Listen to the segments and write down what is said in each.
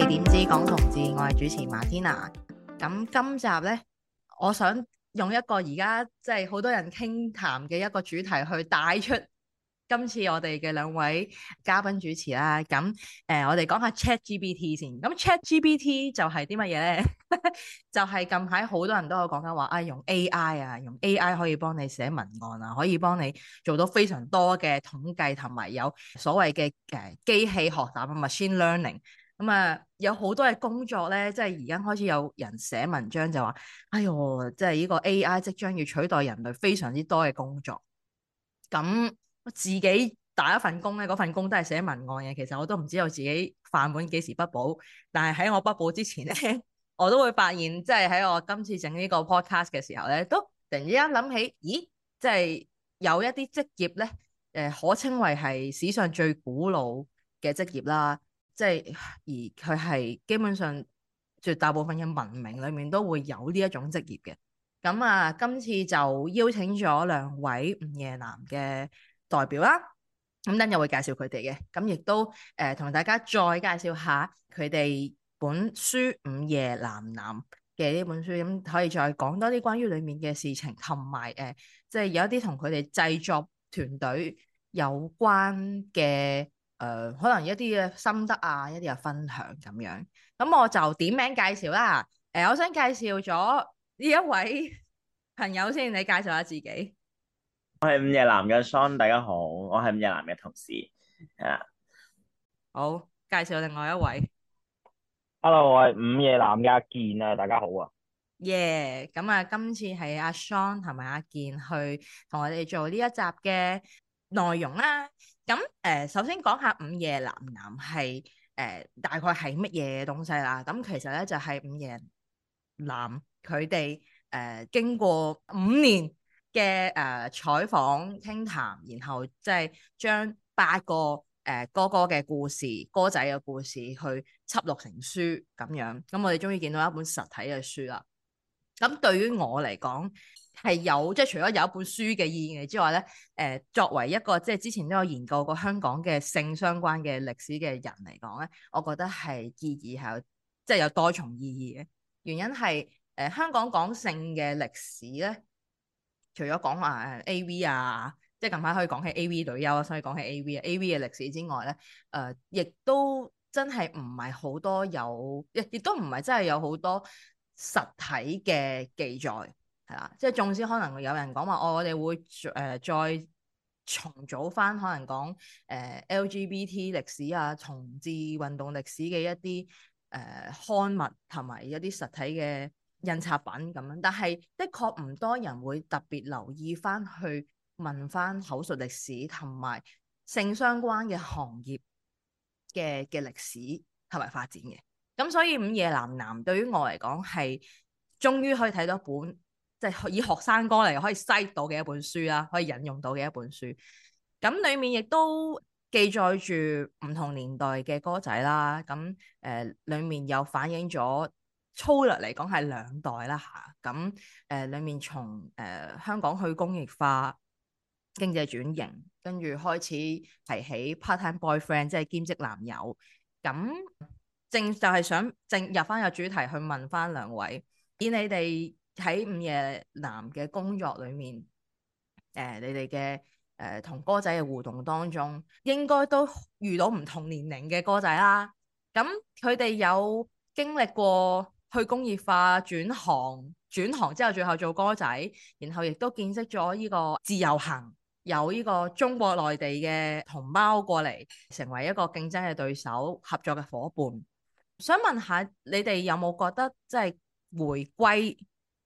你點知講同志。我係主持馬天娜。咁今集呢，我想用一個而家即係好多人傾談嘅一個主題去帶出今次我哋嘅兩位嘉賓主持啦。咁誒、呃，我哋講下 ChatGPT 先。咁 ChatGPT 就係啲乜嘢呢？ 就係近排好多人都有講緊話啊，用 AI 啊，用 AI 可以幫你寫文案啊，可以幫你做到非常多嘅統計，同埋有所謂嘅誒機器學習啊，machine learning。咁啊、嗯，有好多嘅工作咧，即係而家開始有人寫文章就話，哎呦，即係呢個 A I 即將要取代人類非常之多嘅工作。咁、嗯、我自己打一份工咧，嗰份工都係寫文案嘅。其實我都唔知我自己飯碗幾時不保，但係喺我不保之前咧， 我都會發現，即係喺我今次整呢個 podcast 嘅時候咧，都突然之間諗起，咦，即、就、係、是、有一啲職業咧，誒、呃，可稱為係史上最古老嘅職業啦。即係而佢係基本上絕大部分嘅文明裏面都會有呢一種職業嘅。咁啊，今次就邀請咗兩位午夜藍嘅代表啦。咁等陣會介紹佢哋嘅。咁亦都誒同、呃、大家再介紹下佢哋本書《午夜男喃》嘅呢本書。咁可以再講多啲關於裡面嘅事情，同埋誒即係有一啲同佢哋製作團隊有關嘅。誒、呃，可能一啲嘅心得啊，一啲嘅分享咁、啊、樣，咁、嗯、我就點名介紹啦。誒、呃，我想介紹咗呢一位朋友先，你介紹下自己。我係午夜藍嘅 Sean，大家好，我係午夜藍嘅同事啊。Yeah. 好，介紹另外一位。Hello，我係午夜藍嘅阿健啊，大家好啊。耶，e 咁啊，今次係阿 Sean 同埋阿健去同我哋做呢一集嘅內容啦。咁誒、呃，首先講下《午夜男喃》係、呃、誒大概係乜嘢東西啦？咁其實咧就係、是《午夜藍》呃。佢哋誒經過五年嘅誒、呃、採訪傾談，然後即係將八個誒、呃、哥哥嘅故事、哥仔嘅故事去輯錄成書咁樣。咁我哋終於見到一本實體嘅書啦。咁對於我嚟講，係有，即係除咗有一本書嘅意義之外咧，誒、呃、作為一個即係之前都有研究過香港嘅性相關嘅歷史嘅人嚟講咧，我覺得係意義係即係有多重意義嘅。原因係誒、呃、香港講性嘅歷史咧，除咗講話、啊、A V 啊，即係近排可以講起 A V 女優啊，所以講起 A V 啊 A V 嘅歷史之外咧，誒、呃、亦都真係唔係好多有，亦亦都唔係真係有好多實體嘅記載。係啦、嗯，即係縱使可能有人講話，哦，我哋會誒再、呃、再重組翻，可能講誒、呃、LGBT 歷史啊、同志運動歷史嘅一啲誒、呃、刊物同埋一啲實體嘅印刷品咁樣，但係的確唔多人會特別留意翻去問翻口述歷史同埋性相關嘅行業嘅嘅歷史同埋發展嘅。咁所以午夜男喃對於我嚟講係終於可以睇到本。即係以學生歌嚟可以篩到嘅一本書啦，可以引用到嘅一本書。咁裡面亦都記載住唔同年代嘅歌仔啦。咁誒，裡面又反映咗粗略嚟講係兩代啦嚇。咁誒，裡面從誒、呃、香港去工業化、經濟轉型，跟住開始提起 part-time boyfriend，即係兼職男友。咁正就係想正入翻個主題去問翻兩位，以你哋。喺午夜男嘅工作裏面，誒、呃，你哋嘅誒同哥仔嘅互動當中，應該都遇到唔同年齡嘅哥仔啦。咁佢哋有經歷過去工業化轉行，轉行之後最後做哥仔，然後亦都見識咗呢個自由行，有呢個中國內地嘅同胞過嚟，成為一個競爭嘅對手、合作嘅伙伴。想問下你哋有冇覺得即係回歸？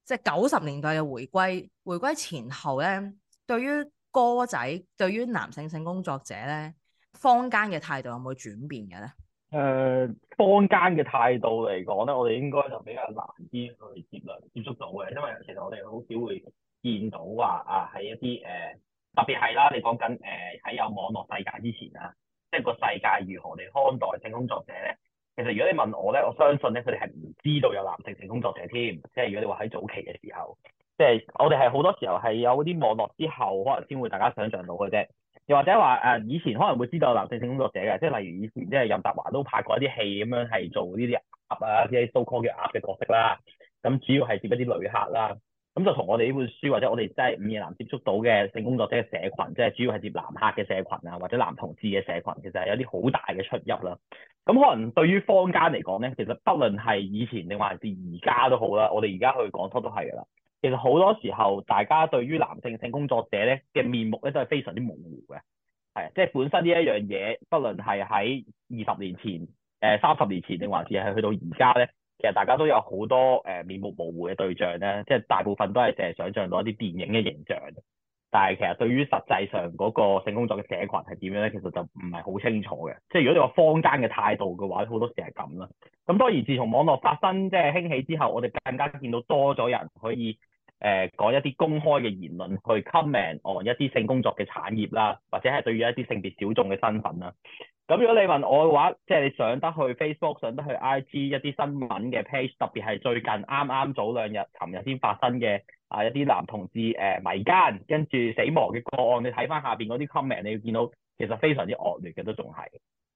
即係九十年代嘅回歸，回歸前後咧，對於哥仔，對於男性性工作者咧，坊間嘅態度有冇轉變嘅咧？誒、呃，坊間嘅態度嚟講咧，我哋應該就比較難啲去接觸接觸到嘅，因為其實我哋好少會見到話啊，喺一啲誒、呃，特別係啦，你講緊誒喺有網絡世界之前啊，即係個世界如何嚟看待性工作者咧？其實如果你問我咧，我相信咧，佢哋係唔知道有男性性工作者添。即係如果你話喺早期嘅時候，即係我哋係好多時候係有啲網絡之後，可能先會大家想象到嘅啫。又或者話誒，以前可能會知道有男性性工作者嘅，即係例如以前即係任達華都拍過一啲戲咁樣係做呢啲啊鴨啊，啲啲 so call 嘅鴨嘅角色啦。咁主要係接一啲女客啦。咁就同我哋呢本書或者我哋即係午夜男接觸到嘅性工作者嘅社群，即係主要係接男客嘅社群啊，或者男同志嘅社群，其實係有啲好大嘅出入啦。咁可能對於坊間嚟講咧，其實不論係以前定還是而家都好啦，我哋而家去講拖都係噶啦。其實好多時候，大家對於男性性工作者咧嘅面目咧都係非常之模糊嘅，係即係本身呢一樣嘢，不論係喺二十年前、誒三十年前定還是係去到而家咧。其實大家都有好多誒面目模糊嘅對象咧，即係大部分都係淨係想像到一啲電影嘅形象，但係其實對於實際上嗰個性工作嘅社群係點樣咧，其實就唔係好清楚嘅。即係如果你話坊間嘅態度嘅話，好多時係咁啦。咁當然，自從網絡發生即係興起之後，我哋更加見到多咗人可以誒講一啲公開嘅言論去 comment on 一啲性工作嘅產業啦，或者係對於一啲性別小眾嘅身份啦。咁如果你問我嘅話，即係你上得去 Facebook、上得去 IG 一啲新聞嘅 page，特別係最近啱啱早兩日、尋日先發生嘅啊，一啲男同志誒迷奸跟住死亡嘅個案，你睇翻下邊嗰啲 comment，你要見到其實非常之惡劣嘅都仲係，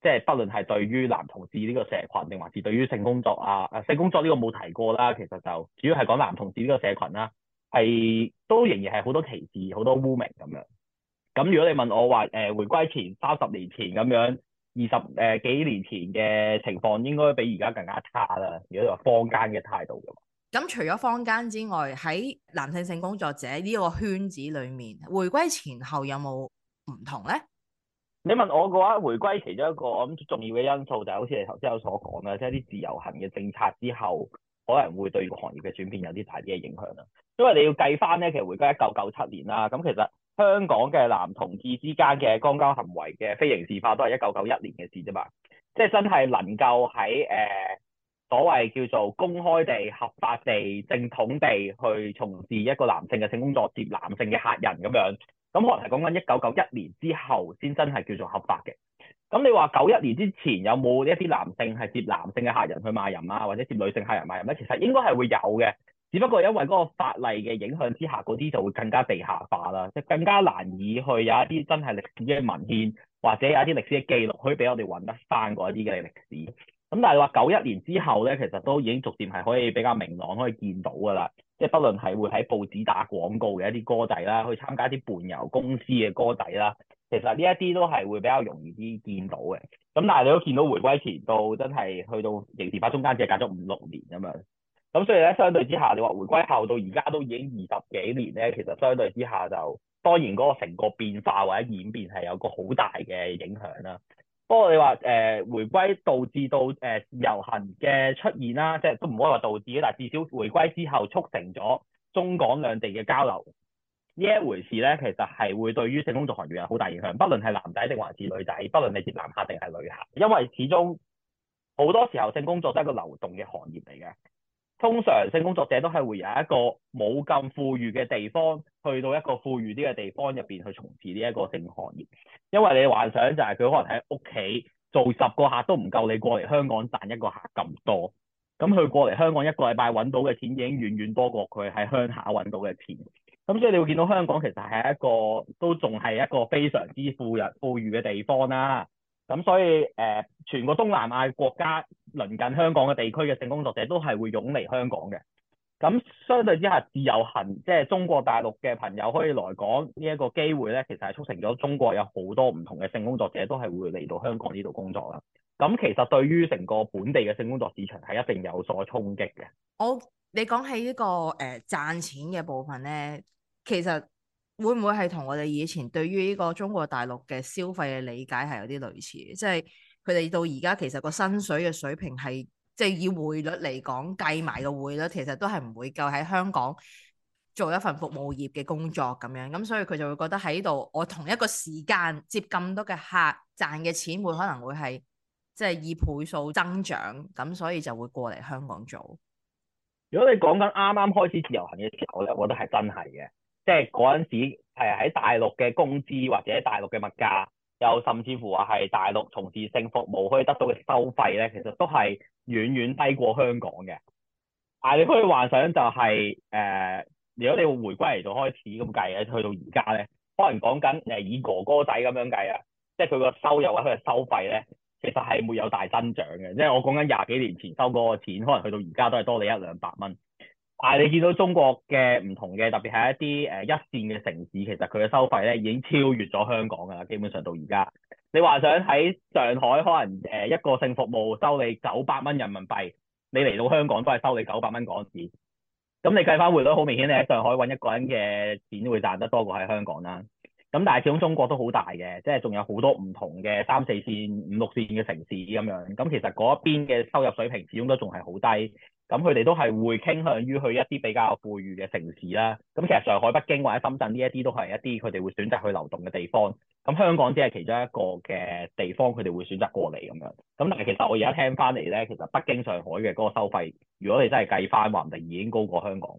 即係不論係對於男同志呢個社群，定還是對於性工作啊，啊性工作呢個冇提過啦，其實就主要係講男同志呢個社群啦，係都仍然係好多歧視、好多污名咁樣。咁如果你問我話誒，回歸前三十年前咁樣。二十誒幾年前嘅情況應該比而家更加差啦，如果話坊間嘅態度嘅話。咁除咗坊間之外，喺男性性工作者呢個圈子裡面，回歸前後有冇唔同咧？你問我嘅話，回歸其中一個我諗重要嘅因素就係好似你頭先有所講啦，即係啲自由行嘅政策之後，可能會對個行業嘅轉變有啲大啲嘅影響啦。因為你要計翻咧，其實回歸一九九七年啦，咁其實。香港嘅男同志之間嘅肛交行為嘅非刑事化都係一九九一年嘅事啫嘛，即係真係能夠喺誒所謂叫做公開地、合法地、正統地去從事一個男性嘅性工作接男性嘅客人咁樣，咁可能係講緊一九九一年之後先真係叫做合法嘅。咁、嗯、你話九一年之前有冇一啲男性係接男性嘅客人去賣淫啊，或者接女性客人賣淫咧？其實應該係會有嘅。只不過因為嗰個法例嘅影響之下，嗰啲就會更加地下化啦，即係更加難以去有一啲真係歷史嘅文獻，或者有一啲歷史嘅記錄，可以俾我哋揾得翻嗰啲嘅歷史。咁但係話九一年之後咧，其實都已經逐漸係可以比較明朗可以見到㗎啦。即係不論係會喺報紙打廣告嘅一啲歌仔啦，去參加啲伴遊公司嘅歌仔啦，其實呢一啲都係會比較容易啲見到嘅。咁但係你都見到回歸前到真係去到刑事化中間，只係隔咗五六年咁樣。咁、嗯、所以咧，相對之下，你話回歸後到而家都已經二十幾年咧，其實相對之下就當然嗰個成個變化或者演變係有個好大嘅影響啦。不過你話誒、呃、回歸導致到誒、呃、自由行嘅出現啦，即係都唔可以話導致，但至少回歸之後促成咗中港兩地嘅交流呢一回事咧，其實係會對於性工作行業有好大影響。不論係男仔定還是女仔，不論你接男客定係女客，因為始終好多時候性工作都係一個流動嘅行業嚟嘅。通常性工作者都係會由一個冇咁富裕嘅地方，去到一個富裕啲嘅地方入邊去從事呢一個性行業，因為你幻想就係佢可能喺屋企做十個客都唔夠，你過嚟香港賺一個客咁多。咁佢過嚟香港一個禮拜揾到嘅錢已經遠遠多過佢喺鄉下揾到嘅錢。咁所以你會見到香港其實係一個都仲係一個非常之富人富裕嘅地方啦，啊。咁所以誒、呃，全個東南亞國家鄰近香港嘅地區嘅性工作者都係會湧嚟香港嘅。咁相對之下自由行即係、就是、中國大陸嘅朋友可以來港呢一個機會咧，其實係促成咗中國有好多唔同嘅性工作者都係會嚟到香港呢度工作啦。咁其實對於成個本地嘅性工作市場係一定有所衝擊嘅。我你講起呢、這個誒、呃、賺錢嘅部分咧，其實～會唔會係同我哋以前對於呢個中國大陸嘅消費嘅理解係有啲類似？即係佢哋到而家其實個薪水嘅水平係，即係以匯率嚟講，計埋個匯率其實都係唔會夠喺香港做一份服務業嘅工作咁樣。咁所以佢就會覺得喺度，我同一個時間接咁多嘅客賺嘅錢，會可能會係即係以倍數增長。咁所以就會過嚟香港做。如果你講緊啱啱開始自由行嘅時候咧，我覺得係真係嘅。即係嗰陣時係喺大陸嘅工資或者大陸嘅物價，又甚至乎話係大陸從事性服務可以得到嘅收費咧，其實都係遠遠低過香港嘅。但你可以幻想就係、是、誒、呃，如果你會回歸嚟到開始咁計咧，去到而家咧，可能講緊誒以哥哥仔咁樣計啊，即係佢個收入或者佢嘅收費咧，其實係冇有大增長嘅。即係我講緊廿幾年前收嗰個錢，可能去到而家都係多你一兩百蚊。但你見到中國嘅唔同嘅，特別係一啲誒一線嘅城市，其實佢嘅收費咧已經超越咗香港噶啦。基本上到而家，你話想喺上海可能誒一個性服務收你九百蚊人民幣，你嚟到香港都係收你九百蚊港紙。咁你計翻匯率，好明顯你喺上海揾一個人嘅錢會賺得多過喺香港啦。咁但係始終中國都好大嘅，即係仲有好多唔同嘅三四線、五六線嘅城市咁樣。咁其實嗰邊嘅收入水平始終都仲係好低。咁佢哋都係會傾向於去一啲比較富裕嘅城市啦。咁其實上海、北京或者深圳呢一啲都係一啲佢哋會選擇去流動嘅地方。咁香港只係其中一個嘅地方，佢哋會選擇過嚟咁樣。咁但係其實我而家聽翻嚟咧，其實北京、上海嘅嗰個收費，如果你真係計翻話唔定已經高過香港。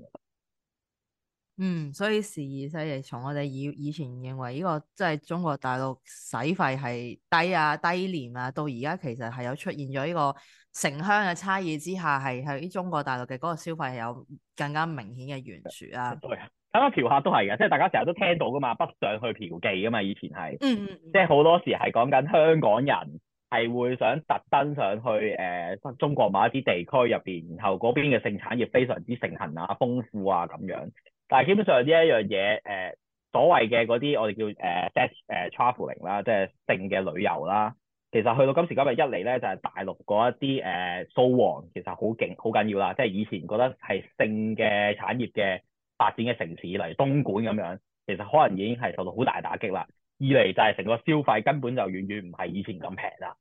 嗯，所以事勢嚟，從我哋以以前認為呢、這個即係、就是、中國大陸使費係低啊、低廉啊，到而家其實係有出現咗呢個城鄉嘅差異之下，係喺中國大陸嘅嗰個消費係有更加明顯嘅懸殊啊。對啊，咁嫖客都係嘅，即係大家成日都聽到噶嘛，北上去嫖妓噶嘛，以前係，即係好多時係講緊香港人係會想特登上去誒、呃、中國某一啲地區入邊，然後嗰邊嘅性產業非常之盛行啊、豐富啊咁樣。但係基本上呢一樣嘢，誒、呃、所謂嘅嗰啲我哋叫 death traveling 啦，即係性嘅旅遊啦，其實去到今時今日一呢，一嚟咧就係、是、大陸嗰一啲誒蘇杭，呃、walk，其實好勁好緊要啦，即係以前覺得係性嘅產業嘅發展嘅城市嚟，例如東莞咁樣，其實可能已經係受到好大打擊啦。二嚟就係成個消費根本就遠遠唔係以前咁平啦，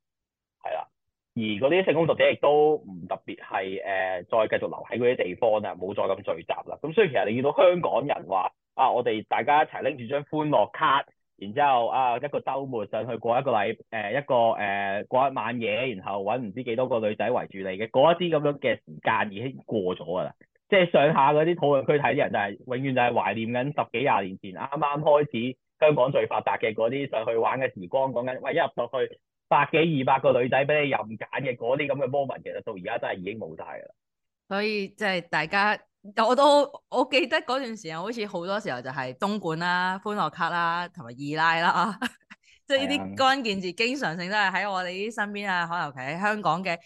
係啦。而嗰啲性工作者亦都唔特別係誒、呃，再繼續留喺嗰啲地方啦，冇再咁聚集啦。咁所以其實你見到香港人話啊，我哋大家一齊拎住張歡樂卡，然之後啊一個周末上去過一個禮誒、呃、一個誒、呃、過一晚夜，然後揾唔知幾多個女仔圍住你嘅嗰一啲咁樣嘅時間已經過咗㗎啦。即係上下嗰啲討論區睇啲人就係、是、永遠就係懷念緊十幾廿年前啱啱開始香港最發達嘅嗰啲上去玩嘅時光，講緊喂，一入到去，百幾二百個女仔俾你任揀嘅嗰啲咁嘅 moment，其實到而家都係已經冇晒噶啦。所以即係大家，我都我記得嗰段時間，好似好多時候就係東莞啦、啊、歡樂卡啦、啊、同埋二奶啦，即係呢啲關鍵字經常性都係喺我哋啲身邊啊。可能尤其喺香港嘅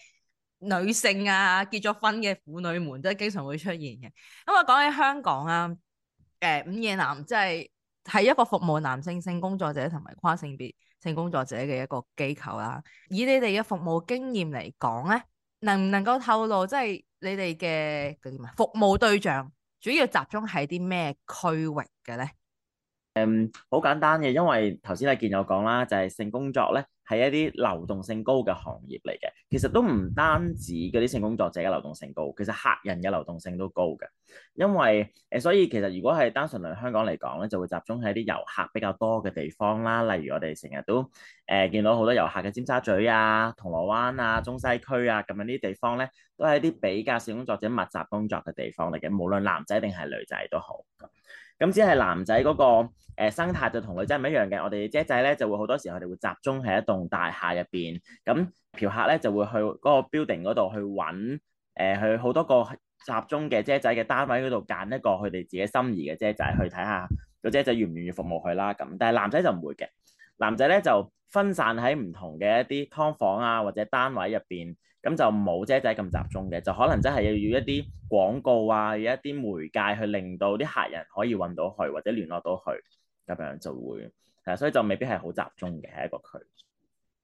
女性啊，結咗婚嘅婦女們都經常會出現嘅。咁我講起香港啊，誒午夜藍即係係一個服務男性性工作者同埋跨性別。性工作者嘅一個機構啦，以你哋嘅服務經驗嚟講咧，能唔能夠透露即係你哋嘅嗰啲咩服務對象主要集中喺啲咩區域嘅咧？誒，好簡單嘅，因為頭先阿健有講啦，就係性工作咧。係一啲流動性高嘅行業嚟嘅，其實都唔單止嗰啲性工作者嘅流動性高，其實客人嘅流動性都高嘅。因為誒，所以其實如果係單純嚟香港嚟講咧，就會集中喺啲遊客比較多嘅地方啦，例如我哋成日都誒、呃、見到好多遊客嘅尖沙咀啊、銅鑼灣啊、中西區啊咁樣呢啲地方咧，都係一啲比較性工作者密集工作嘅地方嚟嘅，無論男仔定係女仔都好。咁只係男仔嗰個、呃、生態就同女仔唔一樣嘅，我哋嘅姐仔咧就會好多時候，佢哋會集中喺一棟大廈入邊，咁嫖客咧就會去嗰個 building 嗰度去揾誒、呃、去好多個集中嘅姐仔嘅單位嗰度揀一個佢哋自己心儀嘅姐仔、就是、去睇下，個姐仔願唔願意服務佢啦咁，但係男仔就唔會嘅，男仔咧就。分散喺唔同嘅一啲劏房啊，或者單位入邊，咁就冇姐仔咁集中嘅，就可能真係要一啲廣告啊，要一啲媒介去令到啲客人可以搵到佢，或者聯絡到佢，咁樣就會誒，所以就未必係好集中嘅一個區。誒、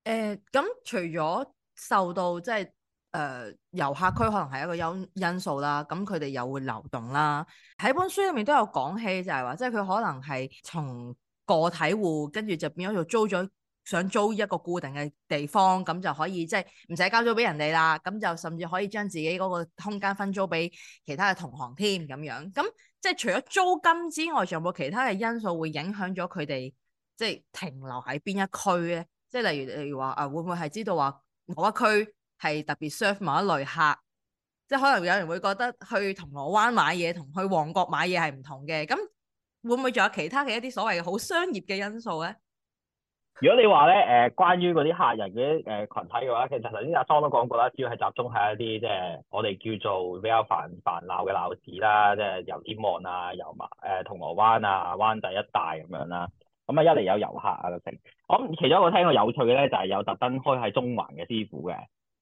呃，咁除咗受到即係誒遊客區可能係一個因因素啦，咁佢哋又會流動啦。喺本書入面都有講起就，就係話即係佢可能係從個體戶跟住就變咗做租咗。想租一個固定嘅地方，咁就可以即係唔使交租俾人哋啦。咁就甚至可以將自己嗰個空間分租俾其他嘅同行添咁樣。咁即係除咗租金之外，仲有冇其他嘅因素會影響咗佢哋即係停留喺邊一區咧？即係例如例如話啊，會唔會係知道話某一區係特別 serve 某一類客？即係可能有人會覺得去銅鑼灣買嘢同去旺角買嘢係唔同嘅。咁會唔會仲有其他嘅一啲所謂好商業嘅因素咧？如果你話咧，誒、呃，關於嗰啲客人嗰啲誒羣體嘅話，其實頭先阿桑都講過啦，主要係集中喺一啲即係我哋叫做比較繁繁鬧嘅鬧市啦，即係油尖旺啊、油麻誒銅鑼灣啊、灣仔一帶咁樣啦。咁、嗯、啊，一嚟有遊客啊咁其中一個我聽過有趣嘅咧，就係、是、有特登開喺中環嘅師傅嘅。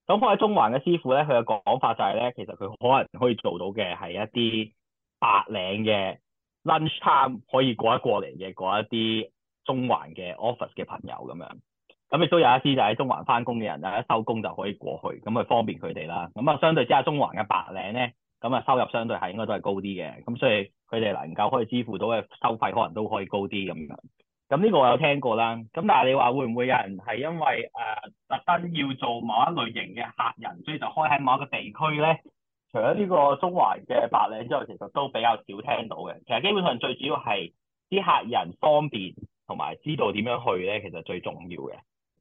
咁開喺中環嘅師傅咧，佢嘅講法就係咧，其實佢可能可以做到嘅係一啲白領嘅 lunch time 可以過一過嚟嘅嗰一啲。中環嘅 office 嘅朋友咁樣，咁亦都有一啲就喺中環翻工嘅人啊，一收工就可以過去，咁啊方便佢哋啦。咁啊，相對之下，中環嘅白領咧，咁啊收入相對係應該都係高啲嘅，咁所以佢哋能夠可以支付到嘅收費可能都可以高啲咁樣。咁呢個我有聽過啦。咁但係你話會唔會有人係因為誒、呃、特登要做某一類型嘅客人，所以就開喺某一個地區咧？除咗呢個中環嘅白領之外，其實都比較少聽到嘅。其實基本上最主要係啲客人方便。同埋知道點樣去咧，其實最重要嘅。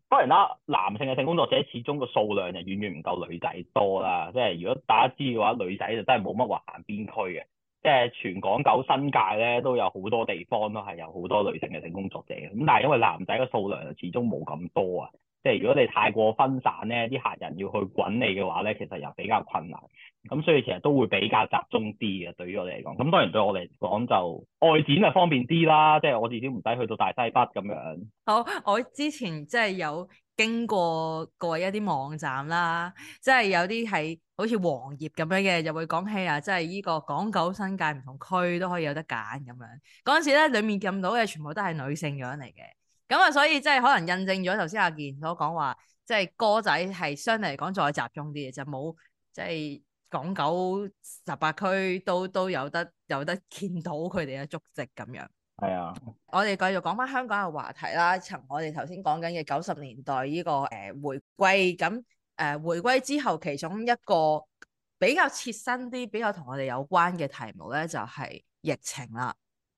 當然啦，男性嘅性工作者始終個數量就遠遠唔夠女仔多啦。即係如果大家知嘅話，女仔就真係冇乜話行邊區嘅。即係全港九新界咧，都有好多地方都係有好多女性嘅性工作者嘅。咁但係因為男仔嘅數量就始終冇咁多啊。即係如果你太過分散咧，啲客人要去滾你嘅話咧，其實又比較困難。咁所以其實都會比較集中啲嘅，對於我哋嚟講。咁當然對我哋嚟講就外展係方便啲啦，即係我自己唔使去到大西北咁樣。好，我之前即係有經過過一啲網站啦，即係有啲係好似黃頁咁樣嘅，又會講起啊，即係呢個港九新界唔同區都可以有得揀咁樣。嗰陣時咧，裡面撳到嘅全部都係女性樣嚟嘅。咁啊、嗯，所以即係可能印證咗頭先阿健所講話，即、就、係、是、歌仔係相對嚟講再集中啲嘅，就冇即係講九十八區都都有得有得見到佢哋嘅足跡。咁樣，係啊、哎呀，我哋繼續講翻香港嘅話題啦，從我哋頭先講緊嘅九十年代呢、這個誒、呃、回歸，咁誒、呃、回歸之後其中一個比較切身啲、比較同我哋有關嘅題目咧，就係、是、疫情啦。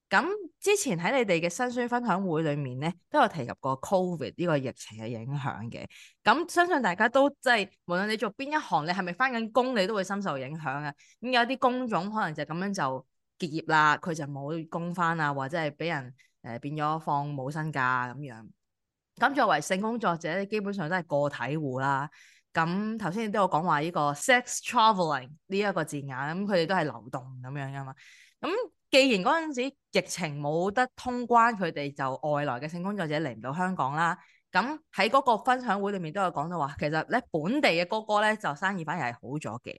咁之前喺你哋嘅新書分享會裏面咧，都有提及過 Covid 呢個疫情嘅影響嘅。咁相信大家都即係無論你做邊一行，你係咪翻緊工，你都會深受影響嘅。咁有啲工種可能就咁樣就結業啦，佢就冇工翻啊，或者係俾人誒、呃、變咗放冇薪假咁樣。咁作為性工作者咧，你基本上都係個體戶啦。咁頭先亦都有講話呢個 sex traveling 呢一個字眼，咁佢哋都係流動咁樣噶嘛。咁既然嗰陣時疫情冇得通關，佢哋就外來嘅性工作者嚟唔到香港啦。咁喺嗰個分享會裏面都有講到話，其實咧本地嘅哥哥咧就生意反而係好咗嘅。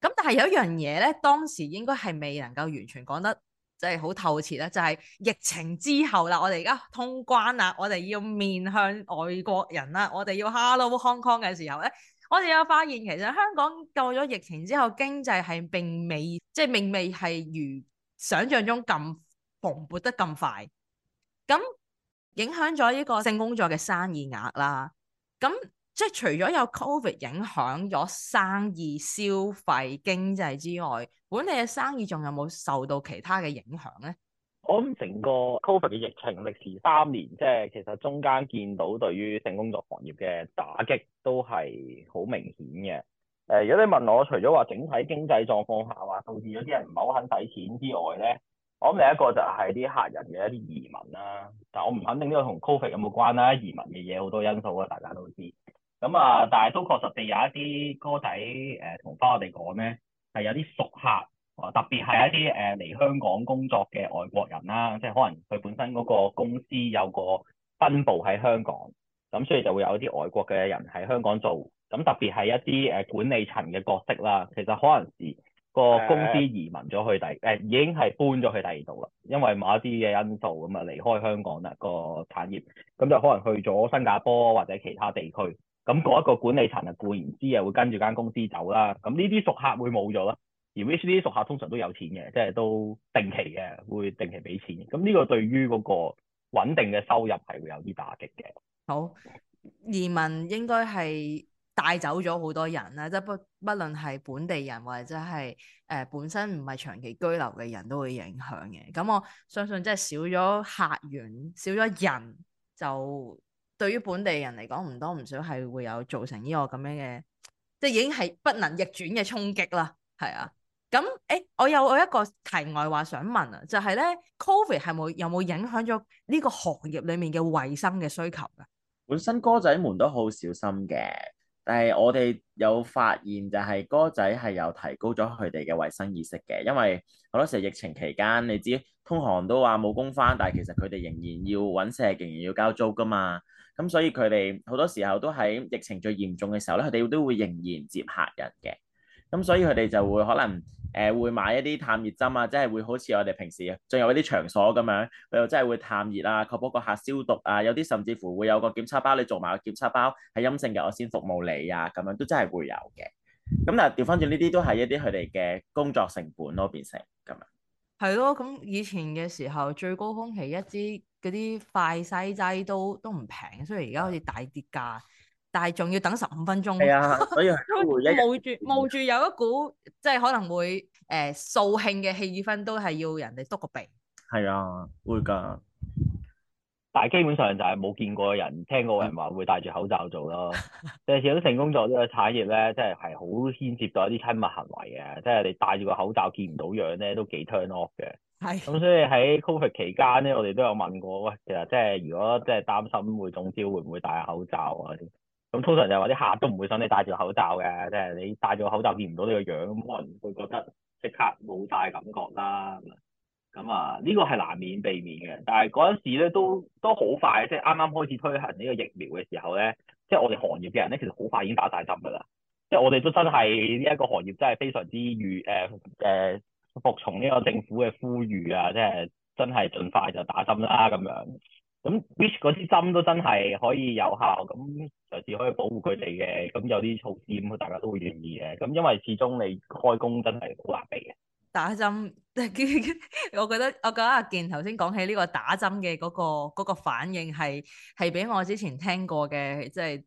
咁但係有一樣嘢咧，當時應該係未能夠完全講得即係好透徹咧，就係、是、疫情之後啦，我哋而家通關啦，我哋要面向外國人啦，我哋要 Hello Hong Kong 嘅時候咧，我哋又發現其實香港過咗疫情之後，經濟係並未即係並未係如想像中咁蓬勃得咁快，咁影響咗呢個性工作嘅生意額啦。咁即係除咗有 COVID 影響咗生意消費經濟之外，本地嘅生意仲有冇受到其他嘅影響咧？我諗成個 COVID 嘅疫情歷時三年，即係其實中間見到對於性工作行業嘅打擊都係好明顯嘅。誒，如果你問我，除咗話整體經濟狀況下，話導致咗啲人唔係好肯使錢之外咧，我諗另一個就係啲客人嘅一啲移民啦。但係我唔肯定呢個同 Covid 有冇關啦。移民嘅嘢好多因素啊，大家都知。咁啊，但係都確實地有一啲哥仔誒，同、呃、返我哋講咧，係有啲熟客，特別係一啲誒嚟香港工作嘅外國人啦，即係可能佢本身嗰個公司有個分部喺香港，咁所以就會有一啲外國嘅人喺香港做。咁特別係一啲誒管理層嘅角色啦，其實可能係、個公司移民咗去第誒、uh, 已經係搬咗去第二度啦，因為某一啲嘅因素咁啊離開香港啦、個產業，咁就可能去咗新加坡或者其他地區。咁、嗰、嗰、個、一個管理層啊，固然之啊會跟住間公司走啦。咁呢啲熟客會冇咗啦，而 which 呢啲熟客通常都有錢嘅，即係都定期嘅會定期俾錢。咁呢個對於嗰個穩定嘅收入係會有啲打擊嘅。好，移民應該係。帶走咗好多人咧，即不不論係本地人，或者係誒、呃、本身唔係長期居留嘅人都會影響嘅。咁我相信即係少咗客源，少咗人，就對於本地人嚟講唔多唔少係會有造成呢個咁樣嘅，即係已經係不能逆轉嘅衝擊啦。係啊，咁誒、欸，我有我一個題外話想問啊，就係、是、咧，Covid 係冇有冇影響咗呢個行業裡面嘅衞生嘅需求㗎？本身哥仔們都好小心嘅。但係，我哋有發現就係哥仔係有提高咗佢哋嘅衛生意識嘅，因為好多時疫情期間，你知通行都話冇工返，但係其實佢哋仍然要揾食，仍然要交租㗎嘛。咁所以佢哋好多時候都喺疫情最嚴重嘅時候咧，佢哋都會仍然接客人嘅。咁、嗯、所以佢哋就會可能誒、呃、會買一啲探熱針啊，即係會好似我哋平時進入一啲場所咁樣，佢又真係會探熱啊，確保個客消毒啊，有啲甚至乎會有個檢測包，你做埋個檢測包係陰性嘅，我先服務你啊，咁樣都真係會有嘅。咁、嗯、嗱，調翻轉呢啲都係一啲佢哋嘅工作成本咯，變成咁樣。係咯、哦，咁以前嘅時候最高峰期一支嗰啲快篩劑都都唔平，所以而家好似大跌價。但係仲要等十五分鐘嘅、啊，所以冇住冇住有一股即係可能會誒掃、呃、興嘅氣氛，都係要人哋篤個鼻。係啊，會㗎，但係基本上就係冇見過人聽過人話會戴住口罩做咯。 即係成個工作呢個產業咧，即係係好牽涉到一啲親密行為嘅，即係你戴住個口罩見唔到樣咧，都幾 turn off 嘅。係咁，所以喺 Covid 期間咧，我哋都有問過喂，其實即係如果即係擔心會中招，會唔會戴口罩啊？咁通常就係話啲客都唔會想你戴住口罩嘅，即係你戴住個口罩見唔到呢個樣，咁可能會覺得即刻冇晒感覺啦。咁啊，呢個係難免避免嘅。但係嗰陣時咧，都都好快，即係啱啱開始推行呢個疫苗嘅時候咧，即係我哋行業嘅人咧，其實好快已經打曬針㗎啦。即係我哋都真係呢一個行業真係非常之遇誒誒、呃，服從呢個政府嘅呼籲啊，即係真係盡快就打針啦咁樣。咁 which 嗰啲針都真係可以有效，咁嘗試可以保護佢哋嘅，咁有啲措施咁，大家都會願意嘅。咁因為始終你開工真係好難避嘅。打針， 我覺得我覺得阿健頭先講起呢個打針嘅嗰、嗰個嗰個反應係係比我之前聽過嘅，即係誒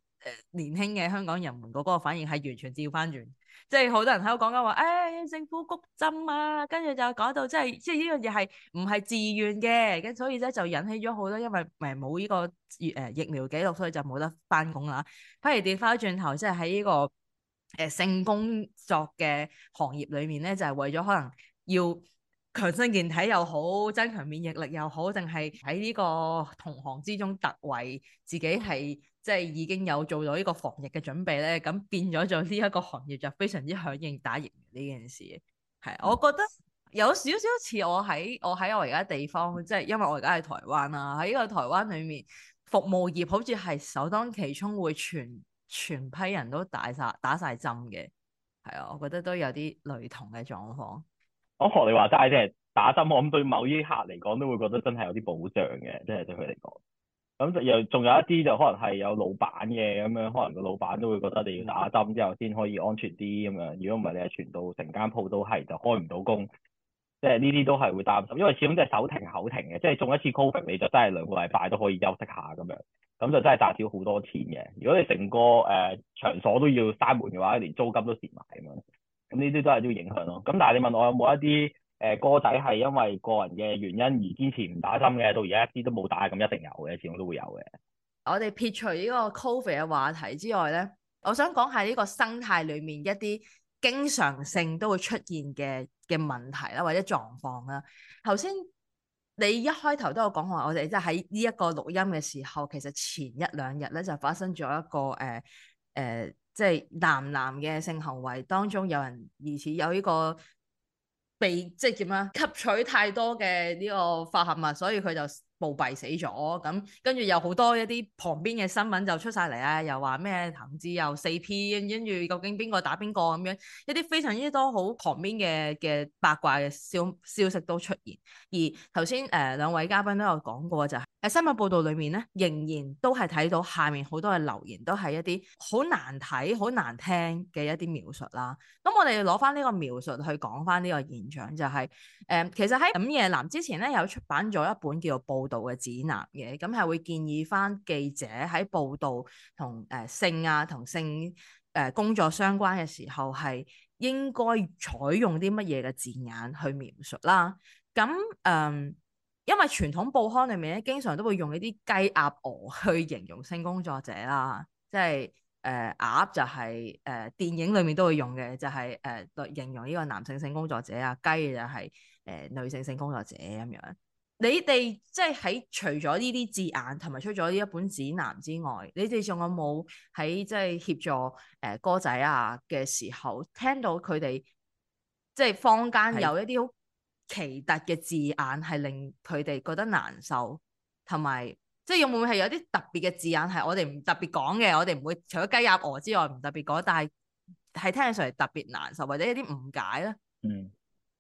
年輕嘅香港人們嗰個反應係完全掉翻轉。即係好多人喺度講緊話，誒、哎、政府谷針啊，跟住就講到即係，即係呢樣嘢係唔係自願嘅，跟所以咧就引起咗好多，因為誒冇呢個疫疫苗記錄，所以就冇得返工啦。不如跌翻轉頭，即係喺呢個誒性工作嘅行業裡面咧，就係、是、為咗可能要強身健體又好，增強免疫力又好，定係喺呢個同行之中突圍，自己係。即係已經有做咗呢個防疫嘅準備咧，咁變咗做呢一個行業就非常之響應打疫呢件事。係，我覺得有少少似我喺我喺我而家地方，即係因為我而家喺台灣啦，喺呢個台灣裏面服務業好似係首當其衝會全全批人都打晒打曬針嘅。係啊，我覺得都有啲雷同嘅狀況。我學你話齋，即係打針，我諗對某啲客嚟講都會覺得真係有啲保障嘅，即係對佢嚟講。咁又仲有一啲就可能係有老闆嘅咁樣，可能個老闆都會覺得你要打針之後先可以安全啲咁樣。如果唔係你係傳到成間鋪都係，就開唔到工，即係呢啲都係會擔心。因為始終即係手停口停嘅，即係中一次 COVID 你就真係兩個禮拜都可以休息下咁樣。咁就真係賺少好多錢嘅。如果你成個誒、呃、場所都要閂門嘅話，連租金都蝕埋咁樣。咁呢啲都係啲影響咯。咁但係你問我有冇一啲？誒，哥仔係因為個人嘅原因而堅持唔打針嘅，到而家一啲都冇打，咁一定有嘅，始終都會有嘅。我哋撇除呢個 Covid 嘅話題之外咧，我想講下呢個生態裏面一啲經常性都會出現嘅嘅問題啦，或者狀況啦。頭先你一開頭都有講話，我哋即係喺呢一個錄音嘅時候，其實前一兩日咧就發生咗一個誒誒，即係、呃、呃、就係男男嘅性行為當中有人疑似有呢個。被即係點啊？吸取太多嘅呢個化合物，所以佢就暴斃死咗。咁跟住有好多一啲旁邊嘅新聞就出晒嚟啊，又話咩滕子又四 P，跟住究竟邊個打邊個咁樣，一啲非常之多好旁邊嘅嘅八卦嘅消消息都出現。而頭先誒兩位嘉賓都有講過、就是，就係。喺新聞報導裏面咧，仍然都係睇到下面好多嘅留言，都係一啲好難睇、好難聽嘅一啲描述啦。咁我哋攞翻呢個描述去講翻呢個現象，就係、是、誒、嗯，其實喺午夜藍之前咧，有出版咗一本叫做《報導嘅指南》嘅、嗯，咁係會建議翻記者喺報導同誒性啊、同性誒、呃、工作相關嘅時候，係應該採用啲乜嘢嘅字眼去描述啦。咁、嗯、誒。嗯。因為傳統報刊裏面咧，經常都會用呢啲雞、鴨、鵝去形容性工作者啦，即係誒、呃、鴨就係、是、誒、呃、電影裏面都會用嘅，就係誒嚟形容呢個男性性工作者啊，雞就係、是、誒、呃、女性性工作者咁樣。你哋即係喺除咗呢啲字眼同埋出咗呢一本指南之外，你哋仲有冇喺即係協助誒、呃、哥仔啊嘅時候聽到佢哋即係坊間有一啲好奇特嘅字眼係令佢哋覺得難受，同埋即係有冇係有啲特別嘅字眼係我哋唔特別講嘅，我哋唔會除咗雞、鴨、鵝之外唔特別講，但係係聽起上嚟特別難受或者有啲誤解咧。嗯，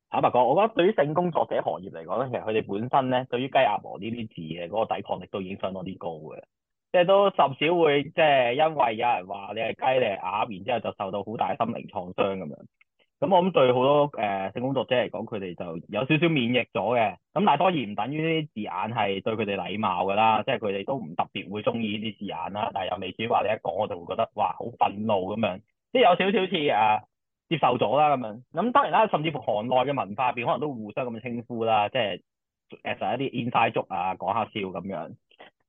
坦白講，我覺得對於性工作者行業嚟講咧，其實佢哋本身咧對於雞、鴨、鵝呢啲字嘅嗰個抵抗力都已經相當啲高嘅，即係都甚少會即係因為有人話你係雞你係鴨，然之後就受到好大心靈創傷咁樣。咁、嗯、我諗對好多誒、呃、性工作者嚟講，佢哋就有少少免疫咗嘅。咁但係當然唔等於呢啲字眼係對佢哋禮貌㗎啦，即係佢哋都唔特別會中意呢啲字眼啦。但係又未至於話你一講我就會覺得哇好憤怒咁樣，即係有少少似誒、啊、接受咗啦咁樣。咁、嗯、當然啦，甚至乎行內嘅文化入邊，可能都互相咁樣稱呼啦，即係誒就一啲 inside joke 啊講下笑咁樣。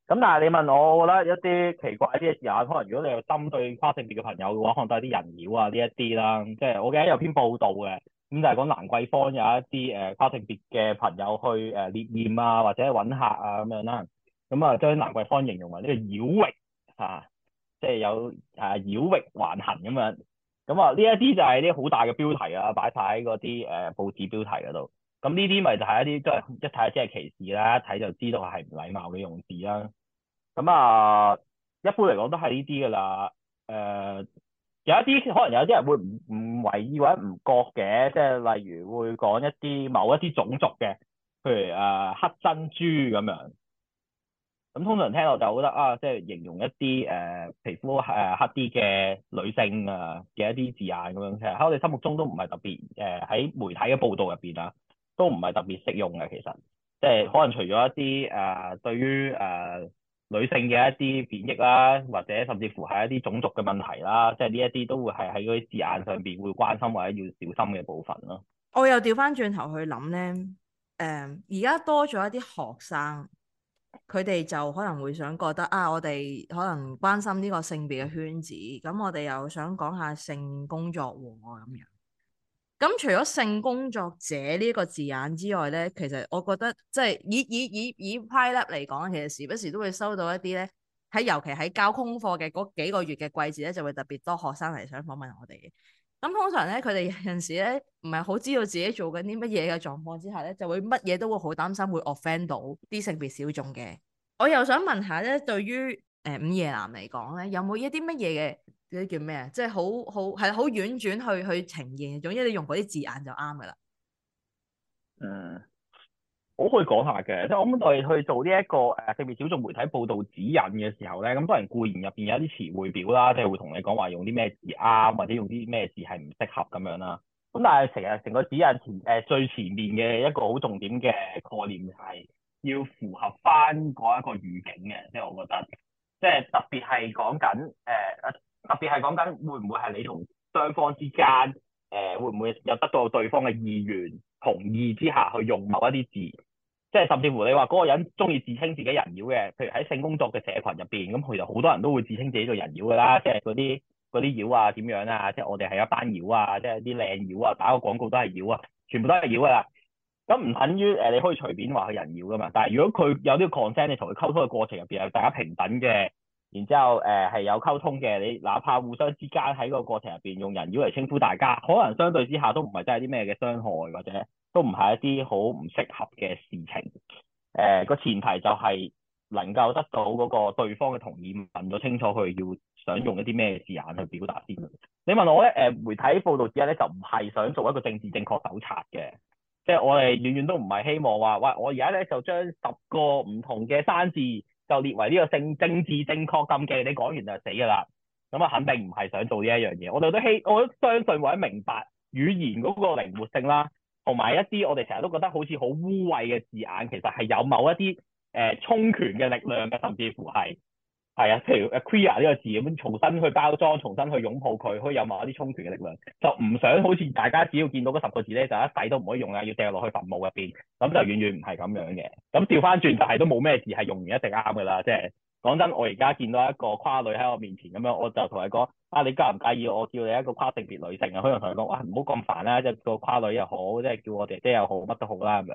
咁但係你問我，我覺得一啲奇怪啲嘅嘢，可能如果你有針對跨性別嘅朋友嘅話，可能都係啲人妖啊呢一啲啦，即係我記得有篇報道嘅，咁就係講蘭桂坊有一啲誒跨性別嘅朋友去誒獵豔啊或者揾客啊咁樣啦，咁啊將蘭桂坊形容為呢個妖域嚇，即、啊、係、就係、有誒妖域橫行咁樣，咁啊呢一啲就係啲好大嘅標題啊，擺晒喺嗰啲誒報紙標題嗰度。咁呢啲咪就係一啲即係一睇即係歧視啦，一睇就知道係唔禮貌嘅用字啦。咁啊，一般嚟講都係呢啲㗎啦。誒、呃，有一啲可能有啲人會唔唔為意或者唔覺嘅，即係例如會講一啲某一啲種族嘅，譬如誒、呃、黑珍珠咁樣。咁通常聽落就覺得啊，即係形容一啲誒皮膚誒黑啲嘅女性啊嘅一啲字眼咁樣，其實喺我哋心目中都唔係特別誒喺、呃、媒體嘅報道入邊啊。都唔係特別適用嘅，其實即係可能除咗一啲誒、呃、對於誒、呃、女性嘅一啲權益啦、啊，或者甚至乎係一啲種族嘅問題啦、啊，即係呢一啲都會係喺嗰啲字眼上邊會關心或者要小心嘅部分咯、啊。我又掉返轉頭去諗咧，誒而家多咗一啲學生，佢哋就可能會想覺得啊，我哋可能關心呢個性別嘅圈子，咁我哋又想講下性工作喎咁樣。咁、嗯、除咗性工作者呢一個字眼之外咧，其實我覺得即係以以以以 PrideLab 嚟講，其實時不時都會收到一啲咧，喺尤其喺交功課嘅嗰幾個月嘅季節咧，就會特別多學生嚟想訪問我哋嘅。咁、嗯、通常咧，佢哋有陣時咧唔係好知道自己做緊啲乜嘢嘅狀況之下咧，就會乜嘢都會好擔心會 offend 到啲性別小眾嘅。我又想問下咧，對於誒午、呃、夜男嚟講咧，有冇一啲乜嘢嘅？嗰啲叫咩啊？即係好好係好婉轉去去呈現。總之你用嗰啲字眼就啱嘅啦。嗯，我可以講下嘅，即係我哋去做呢、這、一個誒特別小眾媒體報導指引嘅時候咧，咁當然固然入邊有啲詞彙表啦，即係會同你講話用啲咩字啱，或者用啲咩字係唔適合咁樣啦。咁但係成日成個指引前誒、呃、最前面嘅一個好重點嘅概念係要符合翻嗰一個語境嘅，即係我覺得即係特別係講緊誒。呃特別係講緊，會唔會係你同雙方之間，誒、呃、會唔會有得到對方嘅意願同意之下去用某一啲字，即係甚至乎你話嗰個人中意自稱自己人妖嘅，譬如喺性工作嘅社群入邊，咁其實好多人都會自稱自己做人妖㗎啦，即係嗰啲啲妖啊點樣啊，即係我哋係一班妖啊，即係啲靚妖啊，打個廣告都係妖啊，全部都係妖㗎啦。咁唔等於誒你可以隨便話佢人妖㗎嘛？但係如果佢有啲 consent 你同佢溝通嘅過程入邊係大家平等嘅。然之後，誒、呃、係有溝通嘅。你哪怕互相之間喺個過程入邊用人妖嚟稱呼大家，可能相對之下都唔係真係啲咩嘅傷害，或者都唔係一啲好唔適合嘅事情。誒、呃、個前提就係能夠得到嗰個對方嘅同意，問咗清楚佢要想用一啲咩字眼去表達先。你問我咧，誒、呃、媒體報道之後咧，就唔係想做一個政治正確手冊嘅，即、就、係、是、我哋遠遠都唔係希望話，喂，我而家咧就將十個唔同嘅生字。就列為呢個政政治正確禁忌，你講完就死㗎啦。咁啊，肯定唔係想做呢一樣嘢。我哋都希，我都相信或者明白語言嗰個靈活性啦，同埋一啲我哋成日都覺得好似好污穢嘅字眼，其實係有某一啲誒、充權嘅力量嘅，甚至乎係。係啊，譬如 queer 呢個字咁樣重新去包裝，重新去擁抱佢，可以有某一啲充權嘅力量。就唔想好似大家只要見到嗰十個字咧，就一世都唔可以用啊，要掉落去墳墓入邊。咁就遠遠唔係咁樣嘅。咁調翻轉就係都冇咩字係用完一定啱嘅啦。即係講真，我而家見到一個跨女喺我面前咁樣，我就同佢講：啊，你介唔介意我叫你一個跨性別女性啊？可能同佢講：啊，唔好咁煩啦，即、那、係個跨女又好，即係叫我哋姐又好，乜都好啦咁。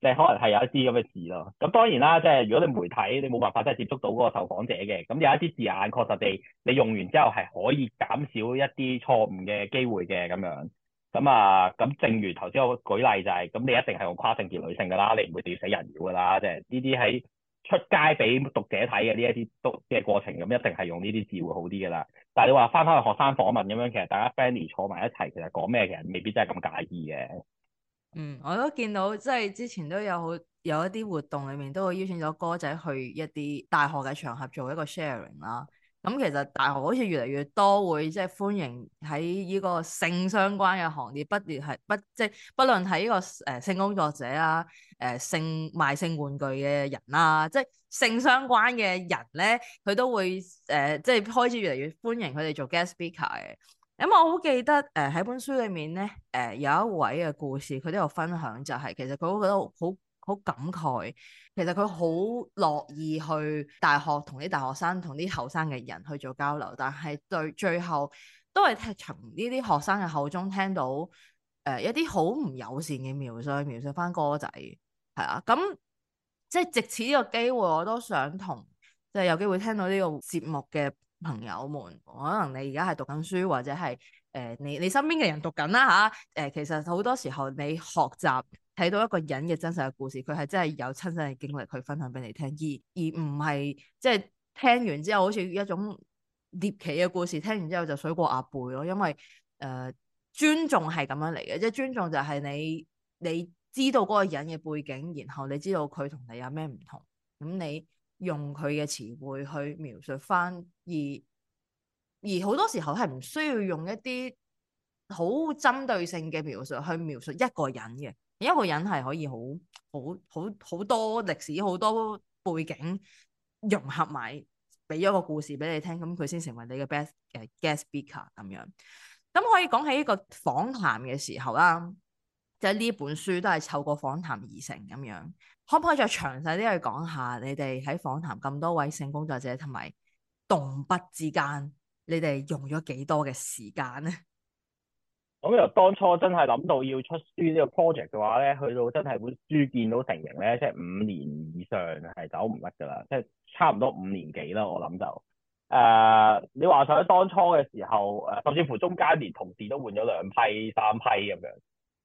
即你可能係有一啲咁嘅字咯，咁當然啦，即係如果你媒體你冇辦法真係接觸到嗰個受訪者嘅，咁有一啲字眼確實地你用完之後係可以減少一啲錯誤嘅機會嘅咁樣，咁啊咁正如頭先我舉例就係，咁你一定係用跨性別女性㗎啦，你唔會掉死人妖㗎啦，即係呢啲喺出街俾讀者睇嘅呢一啲都嘅過程，咁一定係用呢啲字會好啲㗎啦。但係你話翻返去學生訪問咁樣，其實大家 friend 坐埋一齊，其實講咩其實未必真係咁介意嘅。嗯，我都見到，即係之前都有好有一啲活動裏面都會邀請咗哥仔去一啲大學嘅場合做一個 sharing 啦。咁、嗯、其實大學好似越嚟越多會即係歡迎喺呢個性相關嘅行業，不如係不即係，不論喺呢個誒、呃、性工作者啊，誒、呃、性賣性玩具嘅人啦、啊，即係性相關嘅人咧，佢都會誒、呃、即係開始越嚟越歡迎佢哋做 guest speaker 嘅。咁、嗯、我好記得誒喺、呃、本書裏面咧，誒、呃、有一位嘅故事，佢都有分享，就係、是、其實佢都覺得好好感慨。其實佢好樂意去大學同啲大學生、同啲後生嘅人去做交流，但係對最後都係從呢啲學生嘅口中聽到誒、呃、一啲好唔友善嘅描述，去描述翻哥仔係啊。咁、嗯、即係藉此呢個機會，我都想同即係有機會聽到呢個節目嘅。朋友們，可能你而家係讀緊書，或者係誒你、你身邊嘅人讀緊啦吓。誒、啊呃，其實好多時候你學習睇到一個人嘅真實嘅故事，佢係真係有親身嘅經歷去分享俾你聽，而而唔係即係聽完之後好似一種獵奇嘅故事，聽完之後就水過鴨背咯。因為誒、呃、尊重係咁樣嚟嘅，即係尊重就係你、你知道嗰個人嘅背景，然後你知道佢同你有咩唔同，咁你。用佢嘅詞彙去描述返，而而好多時候係唔需要用一啲好針對性嘅描述去描述一個人嘅，一個人係可以好好好好多歷史好多背景融合埋，俾咗個故事俾你聽，咁佢先成為你嘅 best 嘅 guest speaker 咁樣。咁可以講起呢個訪談嘅時候啦。就呢本書都係透過訪談而成咁樣，可唔可以再詳細啲去講下你哋喺訪談咁多位性工作者同埋動筆之間，你哋用咗幾多嘅時間咧？咁由當初真係諗到要出書呢個 project 嘅話咧，去到真係本書見到成形咧，即係五年以上係走唔甩噶啦，即係差唔多五年幾啦，我諗就誒你話上當初嘅時候誒，甚至乎中間連同事都換咗兩批三批咁樣。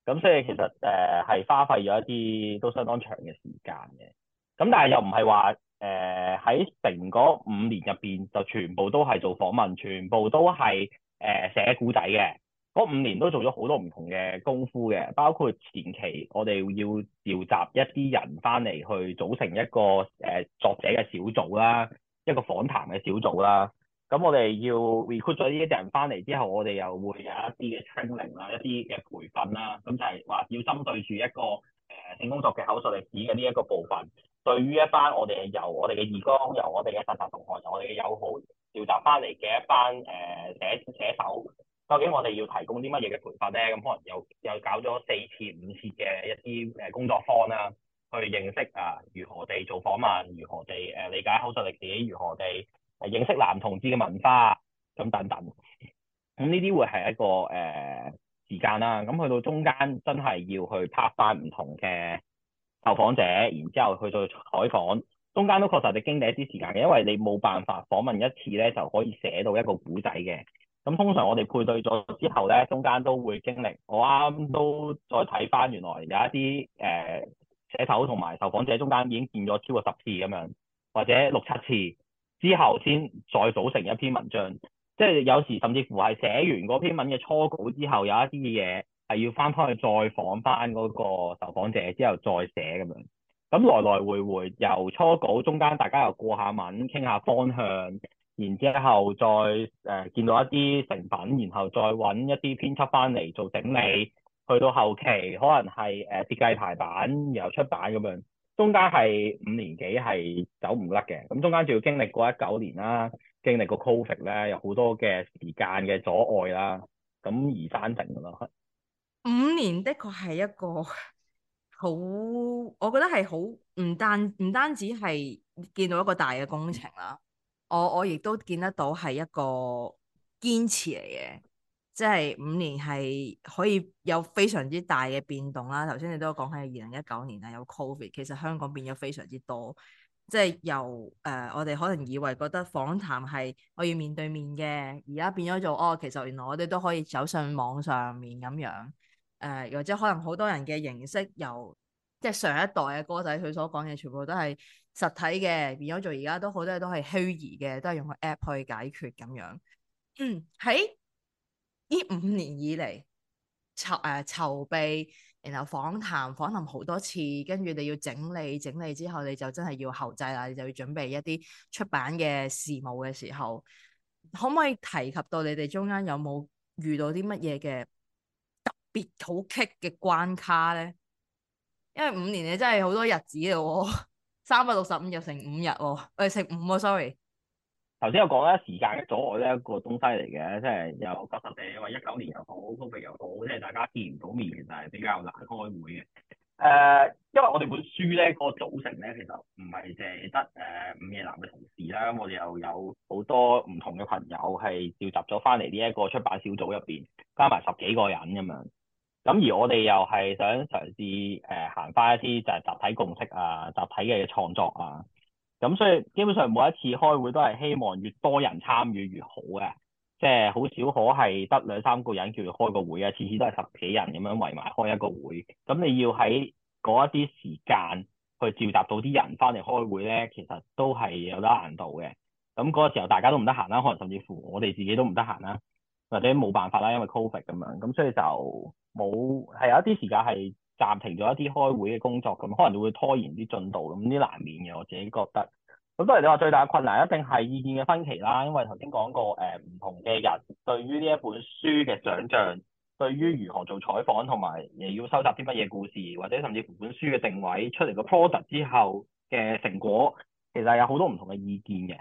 咁所以其實誒係、呃、花費咗一啲都相當長嘅時間嘅，咁但係又唔係話誒喺成嗰五年入邊就全部都係做訪問，全部都係誒、呃、寫古仔嘅，嗰五年都做咗好多唔同嘅功夫嘅，包括前期我哋要召集一啲人翻嚟去組成一個誒、呃、作者嘅小組啦，一個訪談嘅小組啦。咁我哋要 recruit 咗呢一啲人翻嚟之後，我哋又會有一啲嘅 training 啦，一啲嘅培訓啦，咁就係話要針對住一個誒性、呃、工作嘅口述歷史嘅呢一個部分，對於一班我哋由我哋嘅義工、由我哋嘅實習同學，由我哋嘅友好調集翻嚟嘅一班誒、呃、寫寫手，究竟我哋要提供啲乜嘢嘅培訓咧？咁可能又又搞咗四次、五次嘅一啲誒工作坊啦，去認識啊如何地做訪問，如何地誒理解口述歷史，如何地。誒認識男同志嘅文化，咁等等，咁呢啲會係一個誒、呃、時間啦。咁去到中間，真係要去拍翻唔同嘅受訪者，然之後去再採訪。中間都確實，你經歷一啲時間嘅，因為你冇辦法訪問一次咧，就可以寫到一個古仔嘅。咁通常我哋配對咗之後咧，中間都會經歷。我啱都再睇翻，原來有一啲誒、呃、寫手同埋受訪者中間已經見咗超過十次咁樣，或者六七次。之後先再組成一篇文章，即係有時甚至乎係寫完嗰篇文嘅初稿之後，有一啲嘢係要翻返去再訪翻嗰個受訪者之後再寫咁樣。咁來來回回，由初稿中間大家又過下文傾下方向，然之後再誒、呃、見到一啲成品，然後再揾一啲編輯翻嚟做整理，去到後期可能係誒設計排版，然後出版咁樣。中間係五年幾係走唔甩嘅，咁中間仲要經歷過一九年啦，經歷過 COVID 咧，有好多嘅時間嘅阻礙啦，咁而單定㗎啦。五年的確係一個好，我覺得係好唔單唔單止係見到一個大嘅工程啦，我我亦都見得到係一個堅持嚟嘅。即係五年係可以有非常之大嘅變動啦。頭先你都講喺二零一九年啊，有 Covid，其實香港變咗非常之多。即係由誒、呃，我哋可能以為覺得訪談係可以面對面嘅，而家變咗做哦，其實原來我哋都可以走上網上面咁樣誒、呃，或者可能好多人嘅形式由即係上一代嘅哥仔佢所講嘅全部都係實體嘅，變咗做而家都好多嘢都係虛擬嘅，都係用個 app 去解決咁樣。嗯，喺。呢五年以嚟籌誒籌備，然後訪談訪談好多次，跟住你要整理整理之後，你就真係要後製啦，你就要準備一啲出版嘅事務嘅時候，可唔可以提及到你哋中間有冇遇到啲乜嘢嘅特別好棘嘅關卡咧？因為五年你真係好多日子嘅喎、哦，三百六十五日乘五日喎、哦，誒乘五喎，sorry。頭先我講咧，時間嘅阻礙咧一個東西嚟嘅，即係又加地，因話一九年又好，c o 又好，即係大家見唔到面，其實係比較難開會嘅。誒、呃，因為我哋本書咧、那個組成咧，其實唔係淨係得誒午夜男嘅同事啦，我哋又有好多唔同嘅朋友係召集咗翻嚟呢一個出版小組入邊，加埋十幾個人咁樣。咁而我哋又係想嘗試誒行翻一啲就係集體共識啊，集體嘅創作啊。咁所以基本上每一次開會都係希望越多人參與越好嘅，即係好少可係得兩三個人叫佢開個會啊，次次都係十幾人咁樣圍埋開一個會。咁你要喺嗰一啲時間去召集到啲人翻嚟開會咧，其實都係有得難度嘅。咁嗰個時候大家都唔得閒啦，可能甚至乎我哋自己都唔得閒啦，或者冇辦法啦，因為 Covid 咁樣。咁所以就冇係有，有一啲時間係，暫停咗一啲開會嘅工作咁，可能會拖延啲進度咁，啲難免嘅我自己覺得。咁當然你話最大嘅困難一定係意見嘅分歧啦，因為頭先講過，誒唔同嘅人對於呢一本書嘅想像，對於如何做採訪同埋誒要收集啲乜嘢故事，或者甚至乎本書嘅定位出嚟個 project 之後嘅成果，其實有好多唔同嘅意見嘅。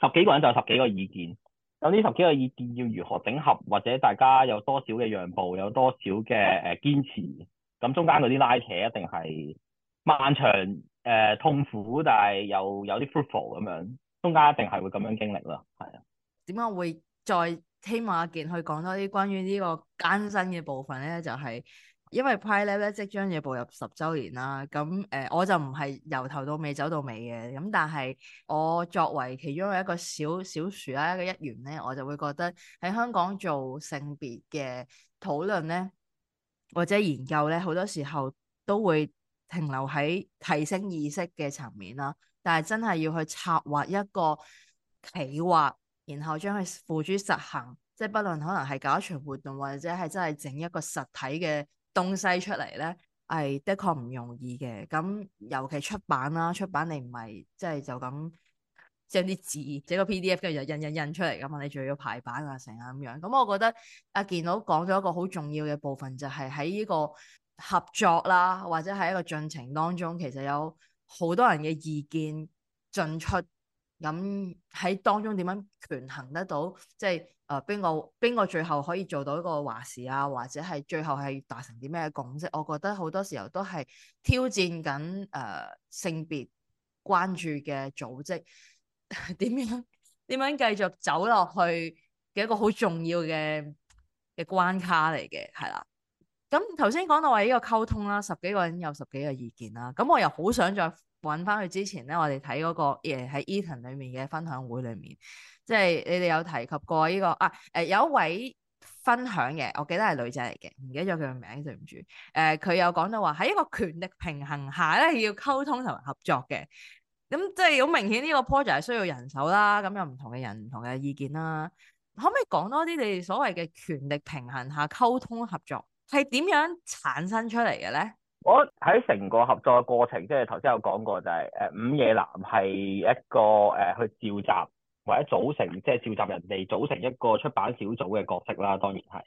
十幾個人就有十幾個意見，咁呢十幾個意見要如何整合，或者大家有多少嘅讓步，有多少嘅誒堅持？咁中間嗰啲拉扯一定係漫長誒、呃、痛苦，但係又有啲 fruitful 咁樣，中間一定係會咁樣經歷咯。係啊，點解我會再希望阿健去講多啲關於呢個艱辛嘅部分咧？就係、是、因為 PrideLab 咧即將要步入十週年啦。咁誒、呃，我就唔係由頭到尾走到尾嘅。咁但係我作為其中一個小小樹啦，一個一員咧，我就會覺得喺香港做性別嘅討論咧，或者研究咧，好多時候都會停留喺提升意識嘅層面啦。但係真係要去策劃一個企劃，然後將佢付諸實行，即係不論可能係搞一場活動，或者係真係整一個實體嘅東西出嚟咧，係的確唔容易嘅。咁尤其出版啦，出版你唔係即係就咁、是。即係啲字寫個 PDF，跟住就印印、印，印出嚟咁嘛。你仲要排版啊，成啊咁樣。咁我覺得阿健佬講咗一個好重要嘅部分，就係喺呢個合作啦，或者喺一個進程當中，其實有好多人嘅意見進出。咁喺當中點樣權衡得到？即係誒，邊個邊個最後可以做到一個話事啊？或者係最後係達成啲咩嘅共識？我覺得好多時候都係挑戰緊誒、呃、性別關注嘅組織。點樣點樣繼續走落去嘅一個好重要嘅嘅關卡嚟嘅係啦，咁頭先講到話呢個溝通啦，十幾個人有十幾個意見啦，咁我又好想再揾翻去之前咧，我哋睇嗰個誒喺 Ethan 裏面嘅分享會裏面，即係你哋有提及過呢、呢個啊誒、呃、有一位分享嘅，我記得係女仔嚟嘅，唔記得咗佢嘅名，對唔住，誒、呃、佢有講到話喺一個權力平衡下咧，要溝通同埋合作嘅。咁即係好明顯，呢個 project 係需要人手啦。咁有唔同嘅人、唔同嘅意見啦。可唔可以講多啲你哋所謂嘅權力平衡下溝通合作係點樣產生出嚟嘅咧？我喺成個合作嘅過程，即係頭先有講過、就是，就係誒午夜男係一個誒、呃、去召集或者組成，即係召集人哋組成一個出版小組嘅角色啦。當然係